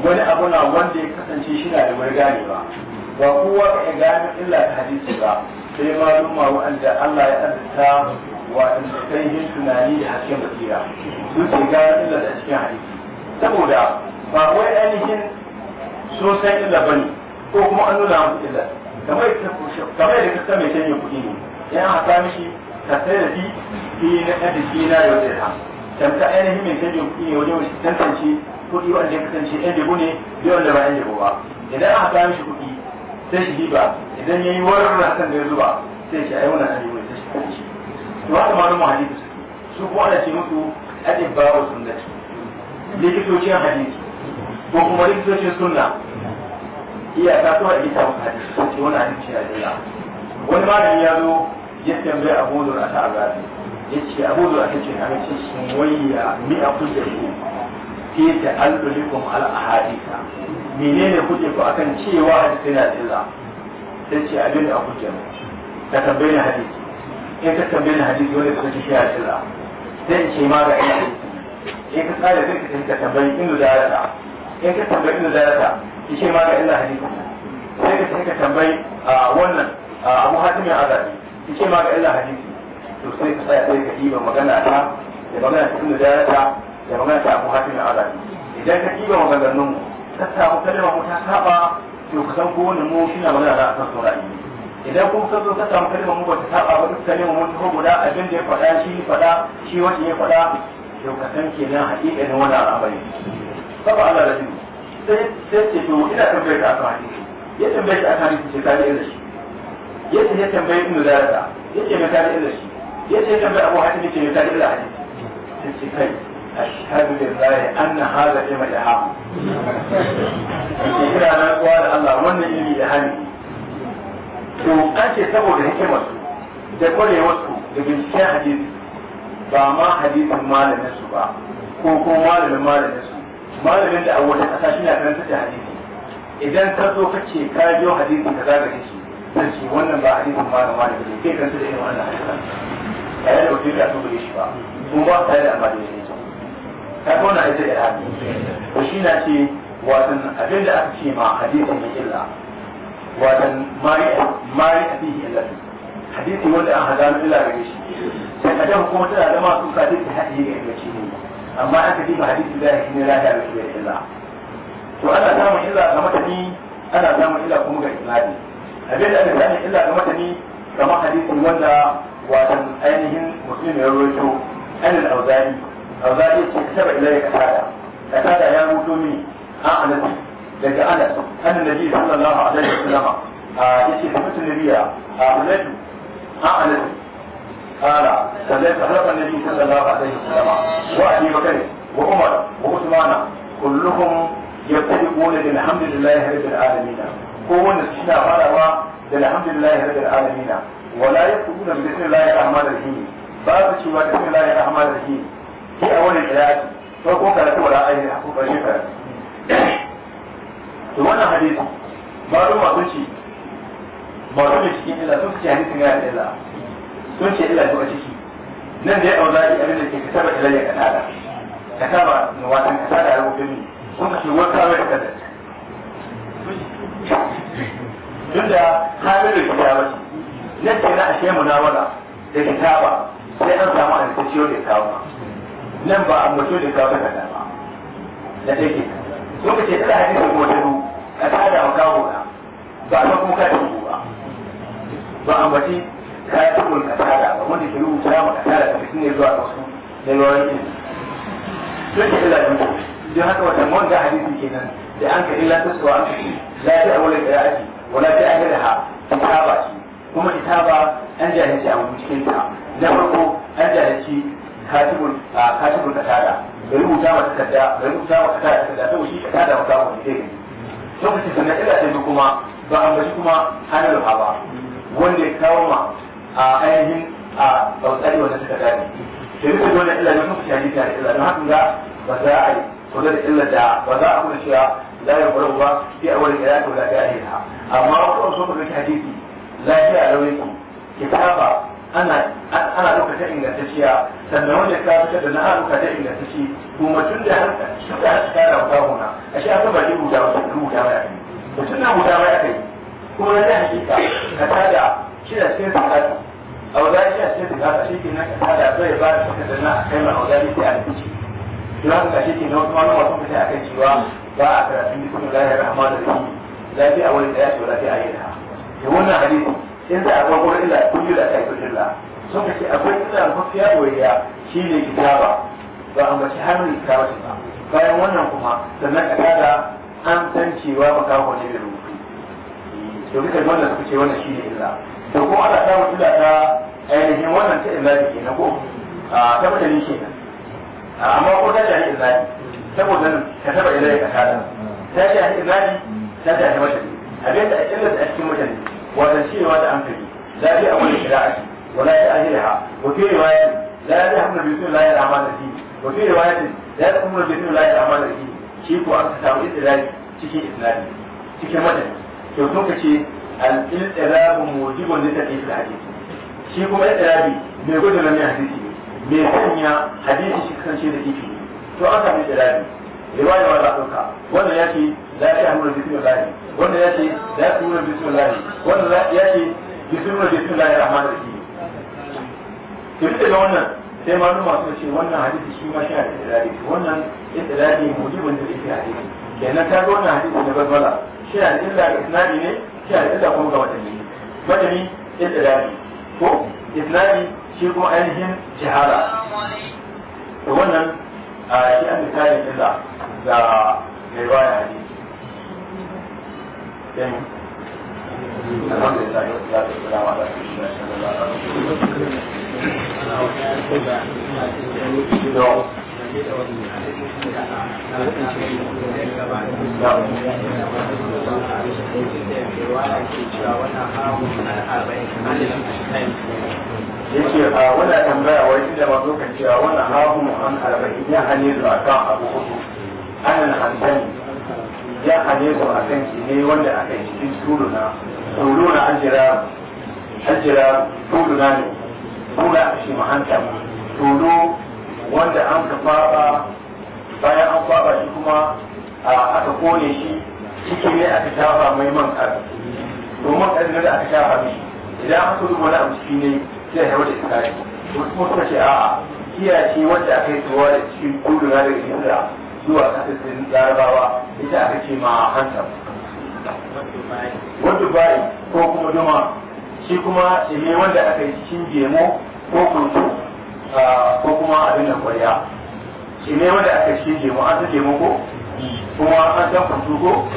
[SPEAKER 1] wani abu na wanda ya kasance shi na da wani ganewa ba kowa ka gano illa ta hadisi ba sai maluma wa'anda Allah ya azzata wa'anda sai yin tunani da hasken basira su ke gano illa da cikin hadisi saboda ba wai ainihin sun san illa ba ne ko kuma an nuna musu illa kamar da kamar da kasa mai shanye kuɗi ne yan haka mishi ka sai da shi fi na ɗan jiki na yau da ha tamta ainihin mai shanye kuɗi ne wajen wasu tantance kuɗi wanda ya kasance ɗan jibu ne da wanda ba ɗan jibu ba idan a haka mishi kuɗi sai shi ba idan ya yi warin kan da ya zuba sai shi a yi wani ɗan jibu sai shi kanci to haka ma hadisi su kuma ana ce musu adibba'u sunnati likitocin hadisi ko kuma likitocin sunna iya ta tuwa ita wa hadisi sun ce wani hadisi na dina wani malami ya zo ya tambaye abu da a azabi ya ce abu da ta ce yi ce sun wayya mi a kusa ku ke ta alɗulikun al'ahadisa menene kuke ku akan cewa hadisi na dina sai ce abin da kuke ka tambaye ni hadisi in ka tambaye ni hadisi wanda kuka shi a dina zan ce ma ga ina hadisi in ka tsara zai ka tambaye inda da ya in ka tambayi inda zarata ki ce ga illa hadisi sai ka sai ka tambayi wannan abu hatimin azabi ki ce ga illa hadisi to sai ka tsaya sai ka diba magana ta da magana ta inda zarata da magana ta abu hatimin azabi idan ka diba maganganun mu ka samu kalma mu ta saba to ka san kowane mu shi na magana da akan saurayi idan kuma ka zo ka samu kalmar mu ta saba ba duk kalmar mu ta guda abin da ya faɗa shi faɗa shi wanda ya faɗa to ka san kenan haƙiƙanin wani al'amari saba ala da biyu sai sai ce to ina tambayar da aka hadisi ya tambaye shi aka hadisi sai ka da shi ya ce ya tambaye ibnu zarata ya ce ka da shi ya ce tambaye abu hadisi ce ka da hadisi sai ce kai أشهد بالله أن هذا كما يحام إلى أن أقول الله وأن إلي يحامي to an ce saboda hikimar da kwarewarsu da binciken hadisi ba ma hadisin malamin su ba ko ko malamin malamin su malamin da a wata kasa shi na karanta da hadisi idan ka zo ka ce ka biyo hadisi ka zaga shi zan ce wannan ba hadisin malam wani ne kai kan da irin wannan hadisan ba yana da wakil da sun shi ba sun ba tare da amfani da shi ka ga wannan aita da hadisi to shi na ce watan abin da aka ce ma hadisi mai illa watan mari a fihi illa hadisi wanda an hada illa gare shi sai ka ga kuma tana da masu kadin da hadisi ga ingaci ne amma an kaji ba hadisi da shi ne lafiya da shi da illa to ana samun illa ga matani ana samun illa kuma ga isnadi abin da ana samun illa ga matani kamar hadisi wanda watan ainihin muslim ya rawaito an al-awzani awzani ce saba ilai kasada kasada ya rubuto min an anas daga anas annabi sallallahu alaihi wasallam ah, ah, a yace mutum nabiya a hunaydu an anas قال صليت خلف النبي صلى الله عليه وسلم وابي بكر وعمر وعثمان كلهم يبتدئون بالحمد لله رب العالمين كون سنا فاروا بالحمد لله رب العالمين ولا يكتبون بسم الله الرحمن الرحيم باب شيء بسم الله الرحمن الرحيم في اول القراءه farko karatu wala ayi ko karshe karatu to wannan hadisi malum masu ci malum cikin illa sun ci hadisin ga illa sun ce illa zuwa ciki nan da ya ɗauza yi abin da ke ka ba ilayya ka tada ka taba watan ka tada rubutun ne kun ka shugaban kawai da kada duk da halin da kita ba ce ce na ashe wala da kita ba sai an samu a rikicin ciwo da kawo nan ba a mutu da kawo da ba da take kun ka ce ina hadisi kuma ta ka tada wa kawo ba ba a san kuma ka ba ba a katibul kasada ba kenan da an kari an jahilci a cikin ta na farko an jahilci katibul katibul kasada rubuta takarda rubuta kasada ba za mu ne lokacin kuma ba an bashi kuma hannun ba wanda ya kawo ma a ainihin a bautari wanda suka gane da duka dole illa ne kuma shani da illa don haka ga ba za a yi kula da illa da ba za a kula cewa la ya kula ba sai a wani kira ko la ta yi ha amma ko so ku ga hadisi la ta rawi ku kitaba ana ana lokacin ingantacciya sannan wanda ka fitar da na ɗauka ta ingantacci kuma tun da har suka suka da ba hona a shi aka ba ji rubuta ba rubuta ba ya kai mutum na rubuta ba ya kai kuma na hakika ka tada shi da cikin auzari a cikin zaka shi ke nan ka da zai ba shi ka dana a kai ma auzari sai a rikici Ina ka kashe ke nan wasu wani wasu kusa a kai cewa ba a karatun bisin lahiyar rahama da rahim lafiya wani tsaya ce lafiya a yi da da wannan hadisi in za a ga gurin illa kun yi da kai kun illa sun kace akwai illa mafiya boyayya ne kitaba ba a mace ne kitaba ba bayan wannan kuma sannan ka tada an san cewa makaho ne da rubutu eh, wannan suka ce wannan shine illa da kuma ana samun illa ta ainihin wannan ta izabi ke na ko a ta mutane shi ne amma ko ta shahi izabi saboda ka taba izabi ka kada ta shahi izabi ta shahi mutane abin da illa ta cikin mutane wata cewa da an fadi la bi awwal shira'ati wa la bi ahliha wa fi riwayat la bi hamdu bi sunnallahi rahman rahim wa fi riwayat la bi hamdu bi sunnallahi rahman rahim shi ko an samu izabi cikin izabi cikin mutane to sun ka ce al-inqilabu mujib wa nitati al-hadith shi kuma inqilabi mai gudu na mai hadisi ne sanya hadisi shi kasance da kifi to an samu inqilabi riwaya wa zaɓuka wannan ya ce za ta hamura bismillahi wannan ya ce za ta hamura bismillahi wannan ya ce bismillah bismillahi rahman rahim to da wannan sai ma nuna masu shi wannan hadisi shi ma shi hadisi da wannan istidadi mujibun da yake hadith kenan ta ga wannan hadisi na shi hadisi da isnadi ne shi a illa kuma ga madani madani islami ko islami shi kuma ainihin jihara da wannan a shi an misalin illa ga mai ruwa ya hadisi الحمد لله yake a wani tambaya wai da ma zuka cewa wani hahu an arba'in ya hane su a kan abu hudu anan hanzan ya hane su a kan shi ne wanda aka yi cikin suruna suruna an jira an jira suruna ne sura shi mahanta tulu wanda an ka fara bayan an fara shi kuma aka kone shi ciki ne aka shafa mai man ƙasa domin ƙasa da aka shafa mishi idan aka kudu wani abu ciki ne sai haifar da iskari wasu kuma suka ce a'a kiya ce wanda aka yi tsawa da cikin kudu na daga isra zuwa kasashen larabawa ita aka ce ma hanta wanda bayi ko kuma doma shi kuma shi ne wanda aka yi cikin gemo ko kuma ko kuma abin da kwarya shi ne wanda aka ci lemu an san taimako kuma an san tuko ko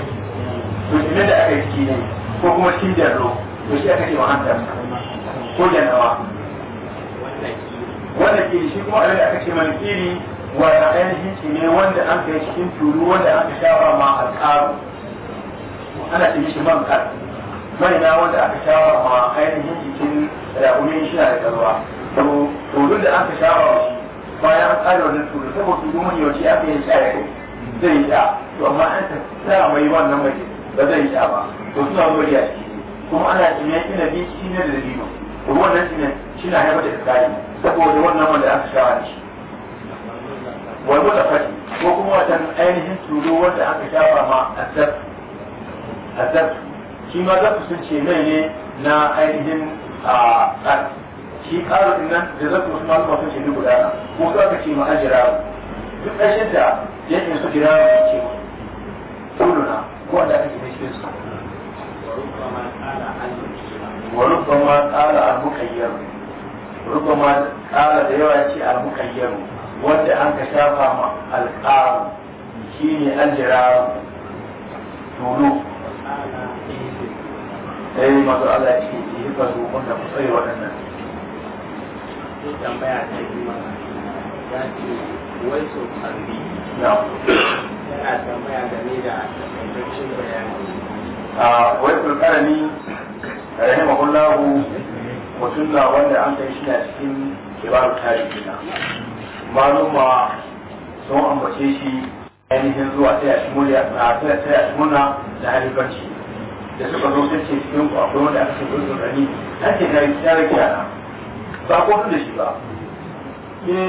[SPEAKER 1] to shi ne da aka ci ne ko kuma cin jarro to shi aka ce wa hantar ko janawa wanda ke shi kuma abin da aka ce mana kiri wa ya ainihin shi ne wanda an kai cikin turu wanda an shafa ma alƙaru ana ce shi man kar mai na wanda aka shafa ma ainihin cikin raƙumin shi na da ruwa to tulu da aka sha wa shi bayan an tsara wannan tulu saboda tulu mun yaushe aka yi sha yau zai sha to amma an ta tsara mai wannan mai ba zai sha ba to suna zuwa a ciki kuma ana cinye biyu shi ne da dabino to wannan shi ne shi na haifar da tsari saboda wannan wanda aka sha wa shi wai wata fati ko kuma watan ainihin tulu wanda aka shafa ma a azab shi ma zafi sun ce mai ne na ainihin a tsari shi ƙaro din nan da zaka usman ba su ce ni gudana, ko za ka ce ma duk ƙarshen da yake su jira ce tuluna ko da kake da cikin su wa rubbama qala al-mukayyar rubbama qala da yawa ce al-mukayyar wanda an ka shafa ma al shine ajira tulu eh masu Allah ya ce yi da ku waɗannan sai tambaya ta kuma ya ce wai so yana tambaya game da takaitaccen bayani a wai so mutum na wanda an kai shi na cikin kibaru tarihi na maluma sun ambace shi ainihin zuwa ta yashi murya a ta yashi da halifanci da suka zo sai ce cikin kwakwai akwai wanda aka ce gudun rani ake gari rage yana. ba ko da shi ba ne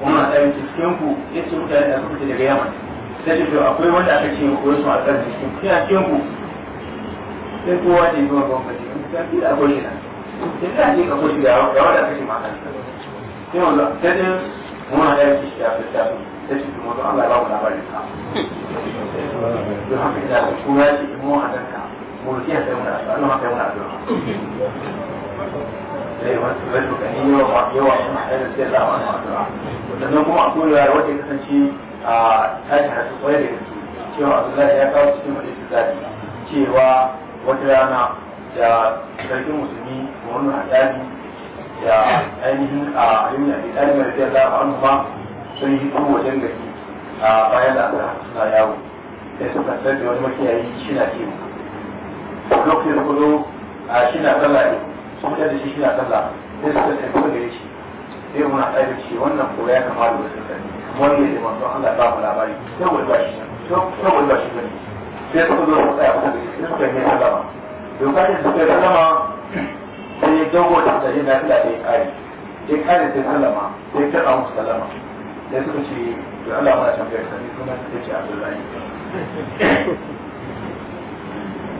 [SPEAKER 1] kuma da cikin ku yace mutane da suka daga yaman sai to akwai wanda aka ce ko su a tsar cikin ku ya cikin ku sai kowa ne ba ba ba sai da akwai shi sai da ne akwai shi da wanda aka ce ma sai wanda sai din kuma da yake shi da fita sai shi kuma Allah ba mu labarin ka don haka da kuma shi mu hadanka mu kiyaye mu da Allah ma kai mu da zubair yawan yawan hadar da Allah kuma a kowa ya wata kasance a tashi hasu kwaya da yanzu. cewa Abdullahi ya kawo cikin hadisi zabi cewa wata rana da sarkin musulmi Muhammadu Haddadi da ainihin a ayyuna da tsarin da zai zaɓa an ma sun yi kuma wajen gari a bayan da aka suna yawo sai suka sarki wani makiyayi shi na ce lokacin da kuzo a shi na sallah ne sun da shi na sallah sai su san ko da shi sai mun haɗa da shi wannan ko ya kama da wasu sani wani ne manzo Allah ba mu labari sai wani ba shi sai wani ba shi bane sai suka zo su tsaya kusa da shi suka yi sallama doka ne suka da sallama sai ya jawo da tsari na fila da ya kare ya kare sai sallama sai ya karɓa musu sallama sai suka ce to Allah mana tambayar sani kuma suka ce Abdullahi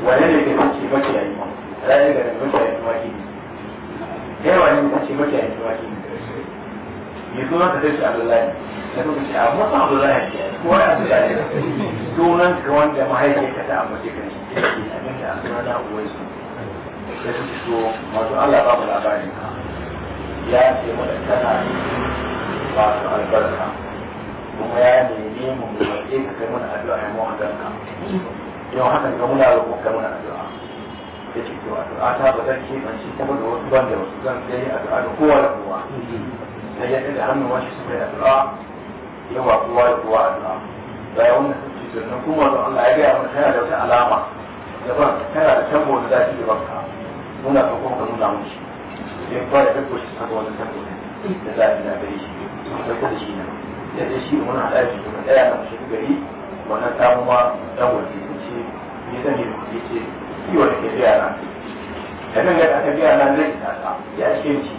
[SPEAKER 1] wane ne ke sun ce makiyayi ma zai ga mutane tumaki da yawa ne ta ce mutane tumaki ne ya zo na ta ce abdullahi da kuma ce amma ta abdullahi ce ko ya su ya sunan ka wanda mahaifiyar ka ta ambace ka ne abin da a zama na uwai su da su ci so masu allah ba mu labarin ka ya ce mana tana masu albarka kuma ya nemi mu mu mace ka kai mana addu'a ya mu hakan yau haka ka muna roƙon kai mana addu'a ya ce to addu'a ta ba zan keɓance ta da wasu ban da wasu zan sai addu'a da kowa da kowa na ya ɗaga hannun wasu suka yi addu'a yawa kowa da kowa addu'a bayan wannan sun ce sannan kuma wanda Allah ya gaya mana kana da wata alama daban kana da tabo da zafi da banka muna ka kuma ka nuna mu shi sai ba ya ɗago shi saka wani tabo da za zafi na gari shi da kuɗi shi na ya ce shi muna haɗa shi kuma ɗaya na shi gari wannan samuwa ɗan wani ce ne zan yi da kuɗi ce ciwon da ke biya nan da nan gada aka biya nan zai ta ta ya ce ci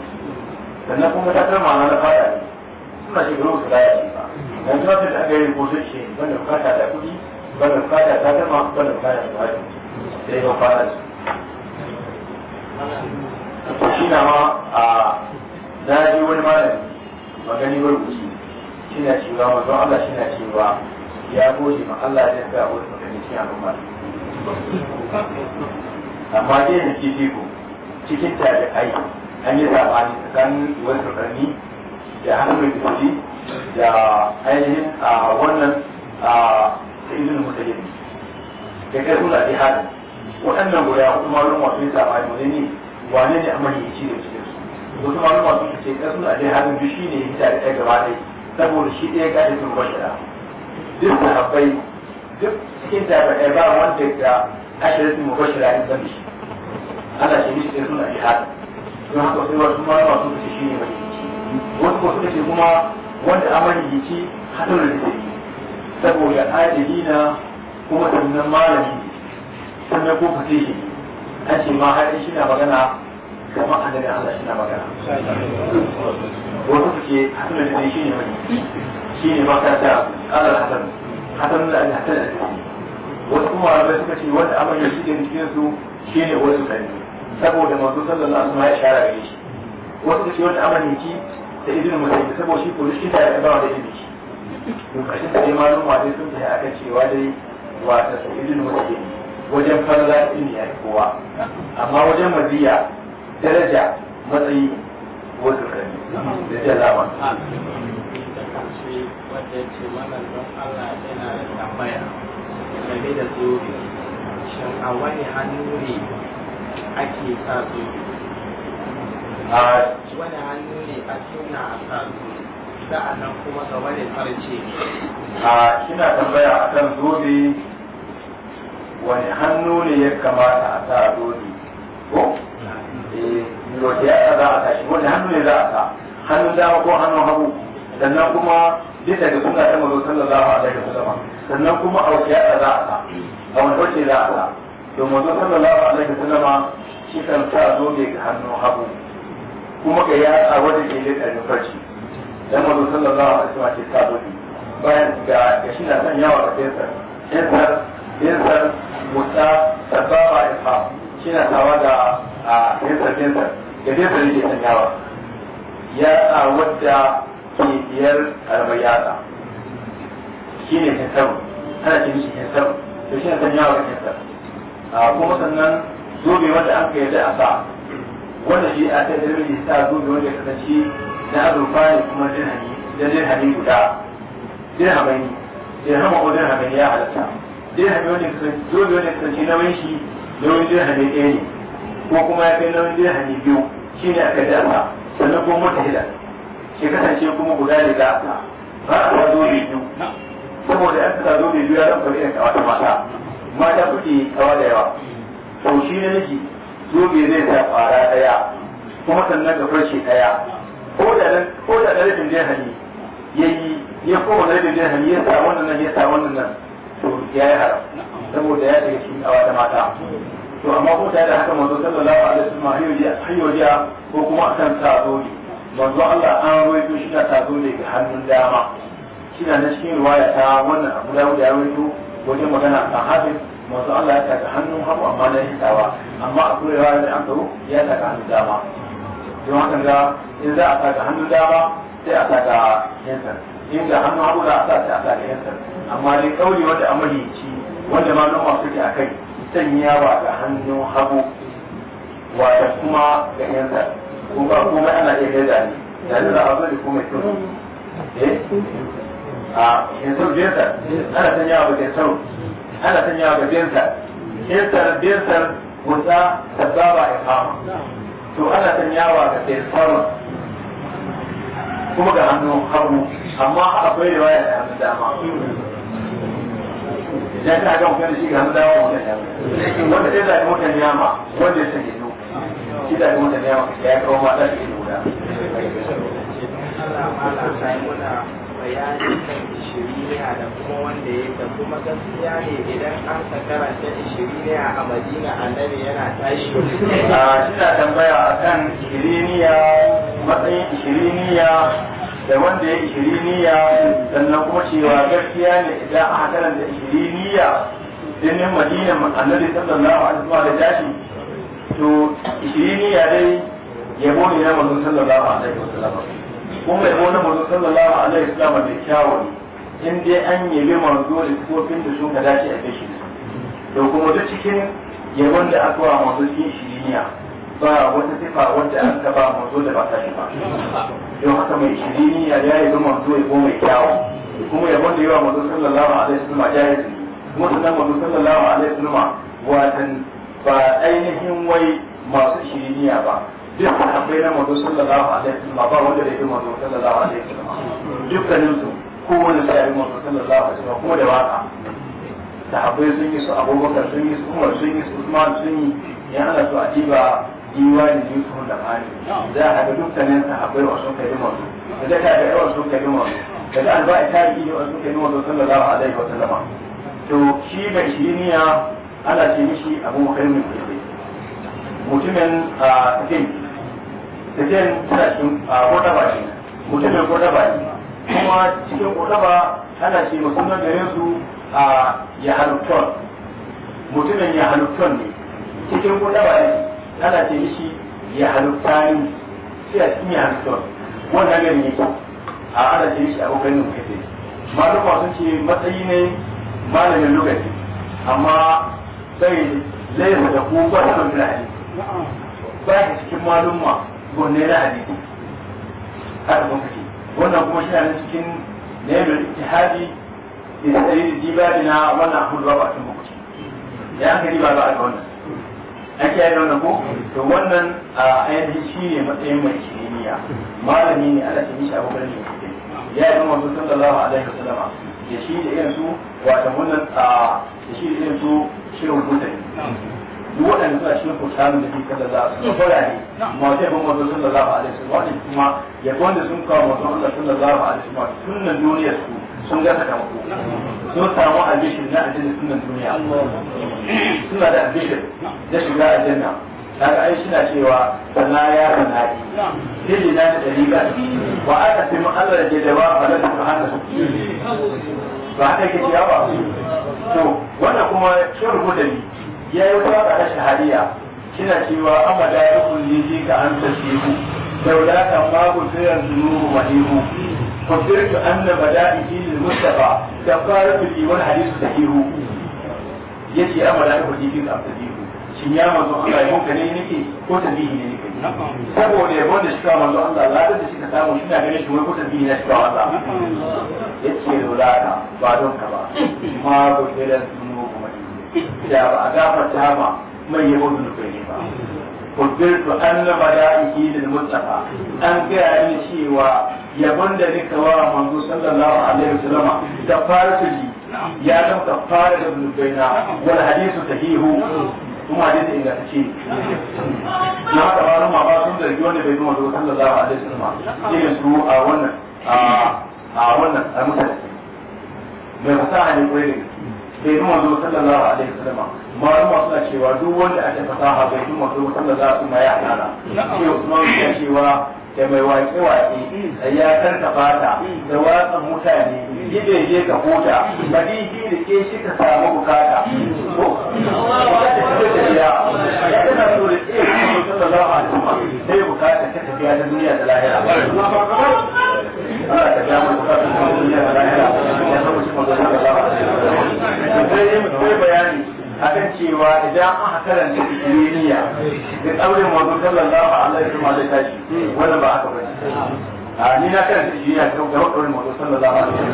[SPEAKER 1] sannan kuma ta kama na fada ne suna shekaru su da ya ce ba dan ta ta ga yi ko su ce ban da bukata da kudi ban da bukata ta kama ban da bukata da wani sai ban fara shi shi na ma a zaji wani malami magani wani kuci shi na cewa mazan Allah shi na cewa ya goje ma Allah ya ga wani magani cikin al'umma amma dai da kifi ko cikin tabi'ai an yi sabani tsakanin wani sarrani da hannun bisi da ainihin a wannan a sa'idun musulmi da kai suna jihadin waɗannan guda wasu malum masu yi sabani wani ne wane ne a ci da cikin su wasu malum masu yi ce kai suna duk shi ne ya tare ɗaya gaba ɗaya saboda shi ɗaya ga ɗaya sun bashara duk sahabbai duk cikin jami'ai ba wanda ya ashirin mu bashi ra'ayin zan shi Allah shi mishi sun abi haka don haka sai wasu ma ba su kace shi ne mai yici wasu ko suka ce kuma wanda a mai yici hadar da zai saboda adali na kuma sannan malami sannan ko shi an ce ma har shi na magana kuma adalin Allah shi na magana wasu suke hadin da zai shi ne mai yici shi ne makarata ƙarar hadar hadar da hadin da zai wasu malamai suka ce wanda abin da suke cikin su shi ne wasu sani saboda manzo sallallahu alaihi wasallam ya shara gare shi wasu suke ce wanda abin ki da izinin musulmi saboda shi kullu shi da ya ba da izini lokacin da malum wadai sun ta akan cewa dai wata su izinin musulmi wajen farla ilmi ya kowa amma wajen maziya daraja matsayi wasu sani da jalama wanda ya ce wannan don Allah yana da tambaya game da zobe shin a wani hannu ne ake sa zobe wani hannu ne a suna a sa zobe sa'annan kuma ga wani farce ne a kina tambaya akan zobe wani hannu ne ya kamata a sa zobe ko eh ya za a tashi wani hannu ne za a sa hannun dama ko hannun hagu sannan kuma bisa ga sunna ta manzo sallallahu alaihi wasallam sannan kuma a wace yada za a a wani wace za a sa to manzo sallallahu alaihi ma shi kan sa zobe ga hannun hagu kuma ga yada wajen ke da tsarin farci dan manzo sallallahu alaihi wasallam ce sa zobe bayan ga shi na san yawa da fesar fesar fesar musa sababa fa shi na sawa da fesar fesar ga fesar yake sanyawa ya a wadda ke biyar karbar yada shi ne ana ce mishi tattaro to shi ne sanya ka tattaro a ah, kuma sannan zobe wanda an ka yarda a sa wanda shi a tattaru ne sa zobe wanda ya kasance na azurfa ne kuma dirhami da hani guda dirhamai ne dirhama ko dirhamai ya halatta dirhami wanda kasance zobe wanda kasance nawai shi jin dirhami ɗaya ne ko kuma ya kai jin hani biyu shi ne aka dama sannan kuma mutahila shi kasance kuma guda da za a ba a zobe biyu saboda yan kasa zo da biyu zan kwari da kawata mata mata kuke kawa da yawa to shi ne miji zobe zai ta fara daya kuma sannan da farce daya ko da nan ko da nan rajin jahani yayi ya dare da rajin hali ya sa wannan nan ya sa wannan nan to ya yi haram saboda ya daga cikin kawata mata to amma ko yi da haka manzo sallallahu alaihi wasallam hayyoji hayyoji ko kuma san sa zobe manzo Allah an rawaito shi ta zo ne ga hannun dama shina na cikin ruwaya ta wannan abu da ya wato wajen magana a hafin masu Allah ya taka hannun hagu amma na hitawa amma a kuma riwaya da an tsaro ya taka hannun dama don haka ga in za a taka hannun dama sai a taka yansa in ga hannun hagu za a sa sai a taka yansa amma dai kauri wanda a mahici wanda ma nan masu ke a kai sanyawa ga hannun hagu wata kuma ga yansa ba kuma ana iya gaida ne da za a zo da kuma kyau eh? a jinsar jinsar ana sanya wa jinsar ana sanya wa jinsar jinsar jinsar mutsa sababa ya kama to ana sanya wa ga jinsar kuma ga hannun hagu amma akwai riwaya da dama ga mutum da shi ga dama ya wanda zaɓi mutum wanda ya sanya shi mutum ya kawo mata shi bayani kan ishiriniya da kuma wanda ya da kuma gaskiya ne idan an ka karanta ishiriniya a madina annabi yana tashi a suna tambaya a kan ishiriniya matsayin ishiriniya da wanda ya ishiriniya sannan kuma cewa gaskiya ne idan aka karanta ishiriniya dinin madina annabi sallallahu alaihi wa da tashi to ishiriniya dai yabo ne na manzon sallallahu alaihi wa sallam kuma yabo na manzo sallallahu alaihi wasallam da kyawu in dai an lima manzo da kofin da sun ka dace a kashi to kuma duk cikin yabon da aka wa manzo cikin shiriya ba wata sifa wanda an ka ba manzo da ba ta shi ba don haka mai shiriya ya yabi manzo yabo mai kyawu kuma yabon da yawa manzo sallallahu alaihi wasallam jahizi kuma sannan manzo sallallahu alaihi wasallam watan ba ainihin wai masu shiriya ba duk sahabbai na manzo sallallahu alaihi wasallam ba wanda da yake manzo sallallahu alaihi wasallam dukkanin su kowanne sai yayi manzo sallallahu alaihi wasallam kuma da waka sahabbai sun yi su abubakar sun yi su umar sun yi su usman sun yi ya ana so a diba diwani ne su da mali za a ga dukkanin sahabbai wa sun kai manzo da ka da yawa sun kai manzo da da alba'i tarihi ne wa sun kai manzo sallallahu alaihi wasallam to shi shi niya ana ce mishi abu muhimmin mutumin a ah, cikin rijiyar tana cikin kodaba ce mutumin kodaba ne kuma cikin kodaba ana ce musamman gare su a yahalutton mutumin yahalutton ne cikin kodaba ne ana ce shi yahaluttani sai a cikin yahalutton wannan gari yake a ana ce shi abokan yin kai malama sun ce matsayi ne malamin lokaci amma sai laifin da kuma ba su ba shi cikin malumma wanne na hadisi haka mun kace wannan kuma shi ne cikin da yayin ittihadi da sai dibadi na wannan abu da ba tun mukuci ya aka riba ba aka wannan ake yi wannan ko to wannan ayyukan shi ne matsayin mai kimiyya malami ne Allah ya yi shi abokan ne ya yi umar su sallallahu alaihi wasallama da shi da irin su wata wannan da shi da irin su shirin hutun waɗanda suna cikin kursanin da ke kada za su saurare masu yabon mazo a alaihi wasallam wani kuma yabon da sun kawo mazo Allah sallallahu alaihi wasallam sunan duniyar su sun gasa ga ko sun samu albishir na aljanna sunan duniya suna da albishir da shiga aljanna kaga ai suna cewa sana ya sana yi sai na da dalila wa aka sai mu Allah da da ba falan ta hana ba haka ke ciyawa to wannan kuma shi rubuta ni ya yi waka na shahariya kina cewa amma da ya kulli ji ka an tasiru daula kan babu firan zunubu mahihu kafirtu anna bada'i lil mustafa da fara bi wal hadith sahihu yace amma da ya kulli ji ka an tasiru shin ya manzo Allah ya muka ne nake ko tabihi ne nake saboda ya wanda shi ka manzo Allah Allah da shi ka samu shi na ganin shi wai ko tabihi na shi ka Allah yace daula ba don ka ba ma ko firan zunubu da ba a gafa ma mai yabo da nufin ba an kudirtu anna malaiki lil mustafa an gaya ni cewa yabon da nika wa manzo sallallahu alaihi wasallama da fara ji ya dan ka fara da bulbaina wal hadithu sahihu kuma da hadisi ingantacce na haka ba ma ba sun zargi wanda bai kuma zuwa sallallahu alaihi wasallama irin su a wannan a wannan a mutane mai fasaha ne kwaye bai duma zo sallallahu alaihi wasallam suna cewa duk wanda aka fasaha bai masu zo za alaihi wasallam ya halala shi Usman ya cewa da mai waƙe waƙe da ya karka fata da watsan mutane gibe je ka huta ba ni da ke shi ka samu bukata ko ya kana so da ke sallallahu alaihi wasallam sai bukata ta tafiya duniya da lahira ta ga mu ta duniya ta lahira sai yi mutum bayani akan cewa idan da sallallahu alaihi wa sallam wannan ba a ni na kan shi ya ga sallallahu alaihi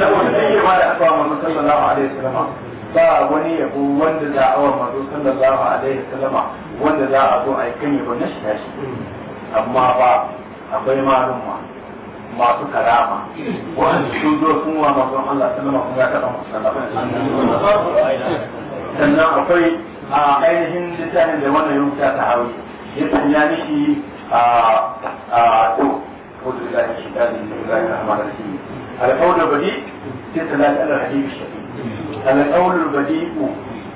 [SPEAKER 1] saboda aka sallallahu alaihi ba wani yabo wanda za a wa mazo sallallahu alaihi wanda za a zo a yi shi amma ba akwai malum ma masu karama wanda su zo sun wa masu Allah sallama kuma ya taɓa musu sannan akwai a ainihin littafin da wannan yau ta ta hawi ya sanya mishi a a to ko da zai shi da da rahama da shi al da badi sai talaka al-hadith shafi al-qawl badi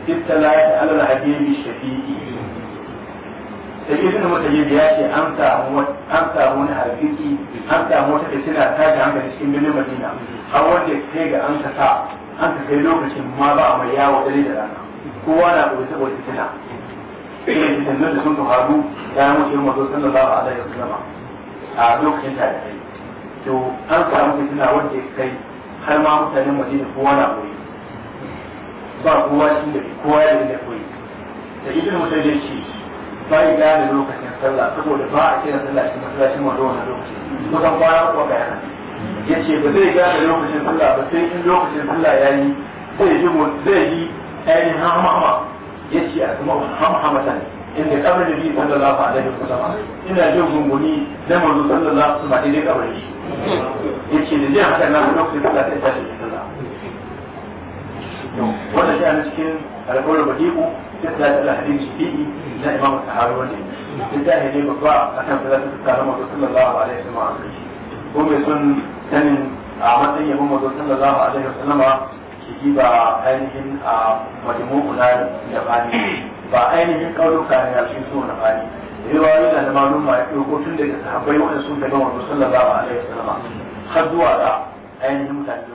[SPEAKER 1] sai talaka al-hadith shafi da ibn mutayyib ya ce an samu an samu wani harfiki an samu wata da tana ta da hankali cikin birnin Madina har wanda kai ga an kasa an ka kai lokacin ma ba a mai yawo dare da rana kowa na ɓoye saboda tana irin sannan da sun tuharu ya mutu yin mazo a alaihi zama. a lokacin ta da kai. to an samu tana wanda kai har ma mutanen Madina kowa na ɓoye. ba kowa shi da kowa ya da ɓoye. da ibn mutayyib ce bai gane lokacin sallah saboda ba a kira sallah cikin masallacin wanda wannan lokaci kusan kwana uku ga yana ya ce ba zai gane lokacin sallah ba sai in lokacin sallah ya yi zai ji zai yi ainihin hamama ya ce a kuma hamama ta ne inda kabar da bi sallallahu alaihi wa wasallam ina jin gunguni da manzo sallallahu alaihi wasallam dai kabar da ya ce da jin haka na lokacin sallah sai ta ce sallah wannan shi a cikin alƙawarin badiku da da hadisi fihi da ne da ne babba akan da zaka tsara manzo sallallahu alaihi wasallam ko mai son sanin a matsayin yabon a majmu'u na yabani ba a da ya ko tun sun har zuwa
[SPEAKER 2] da ainihin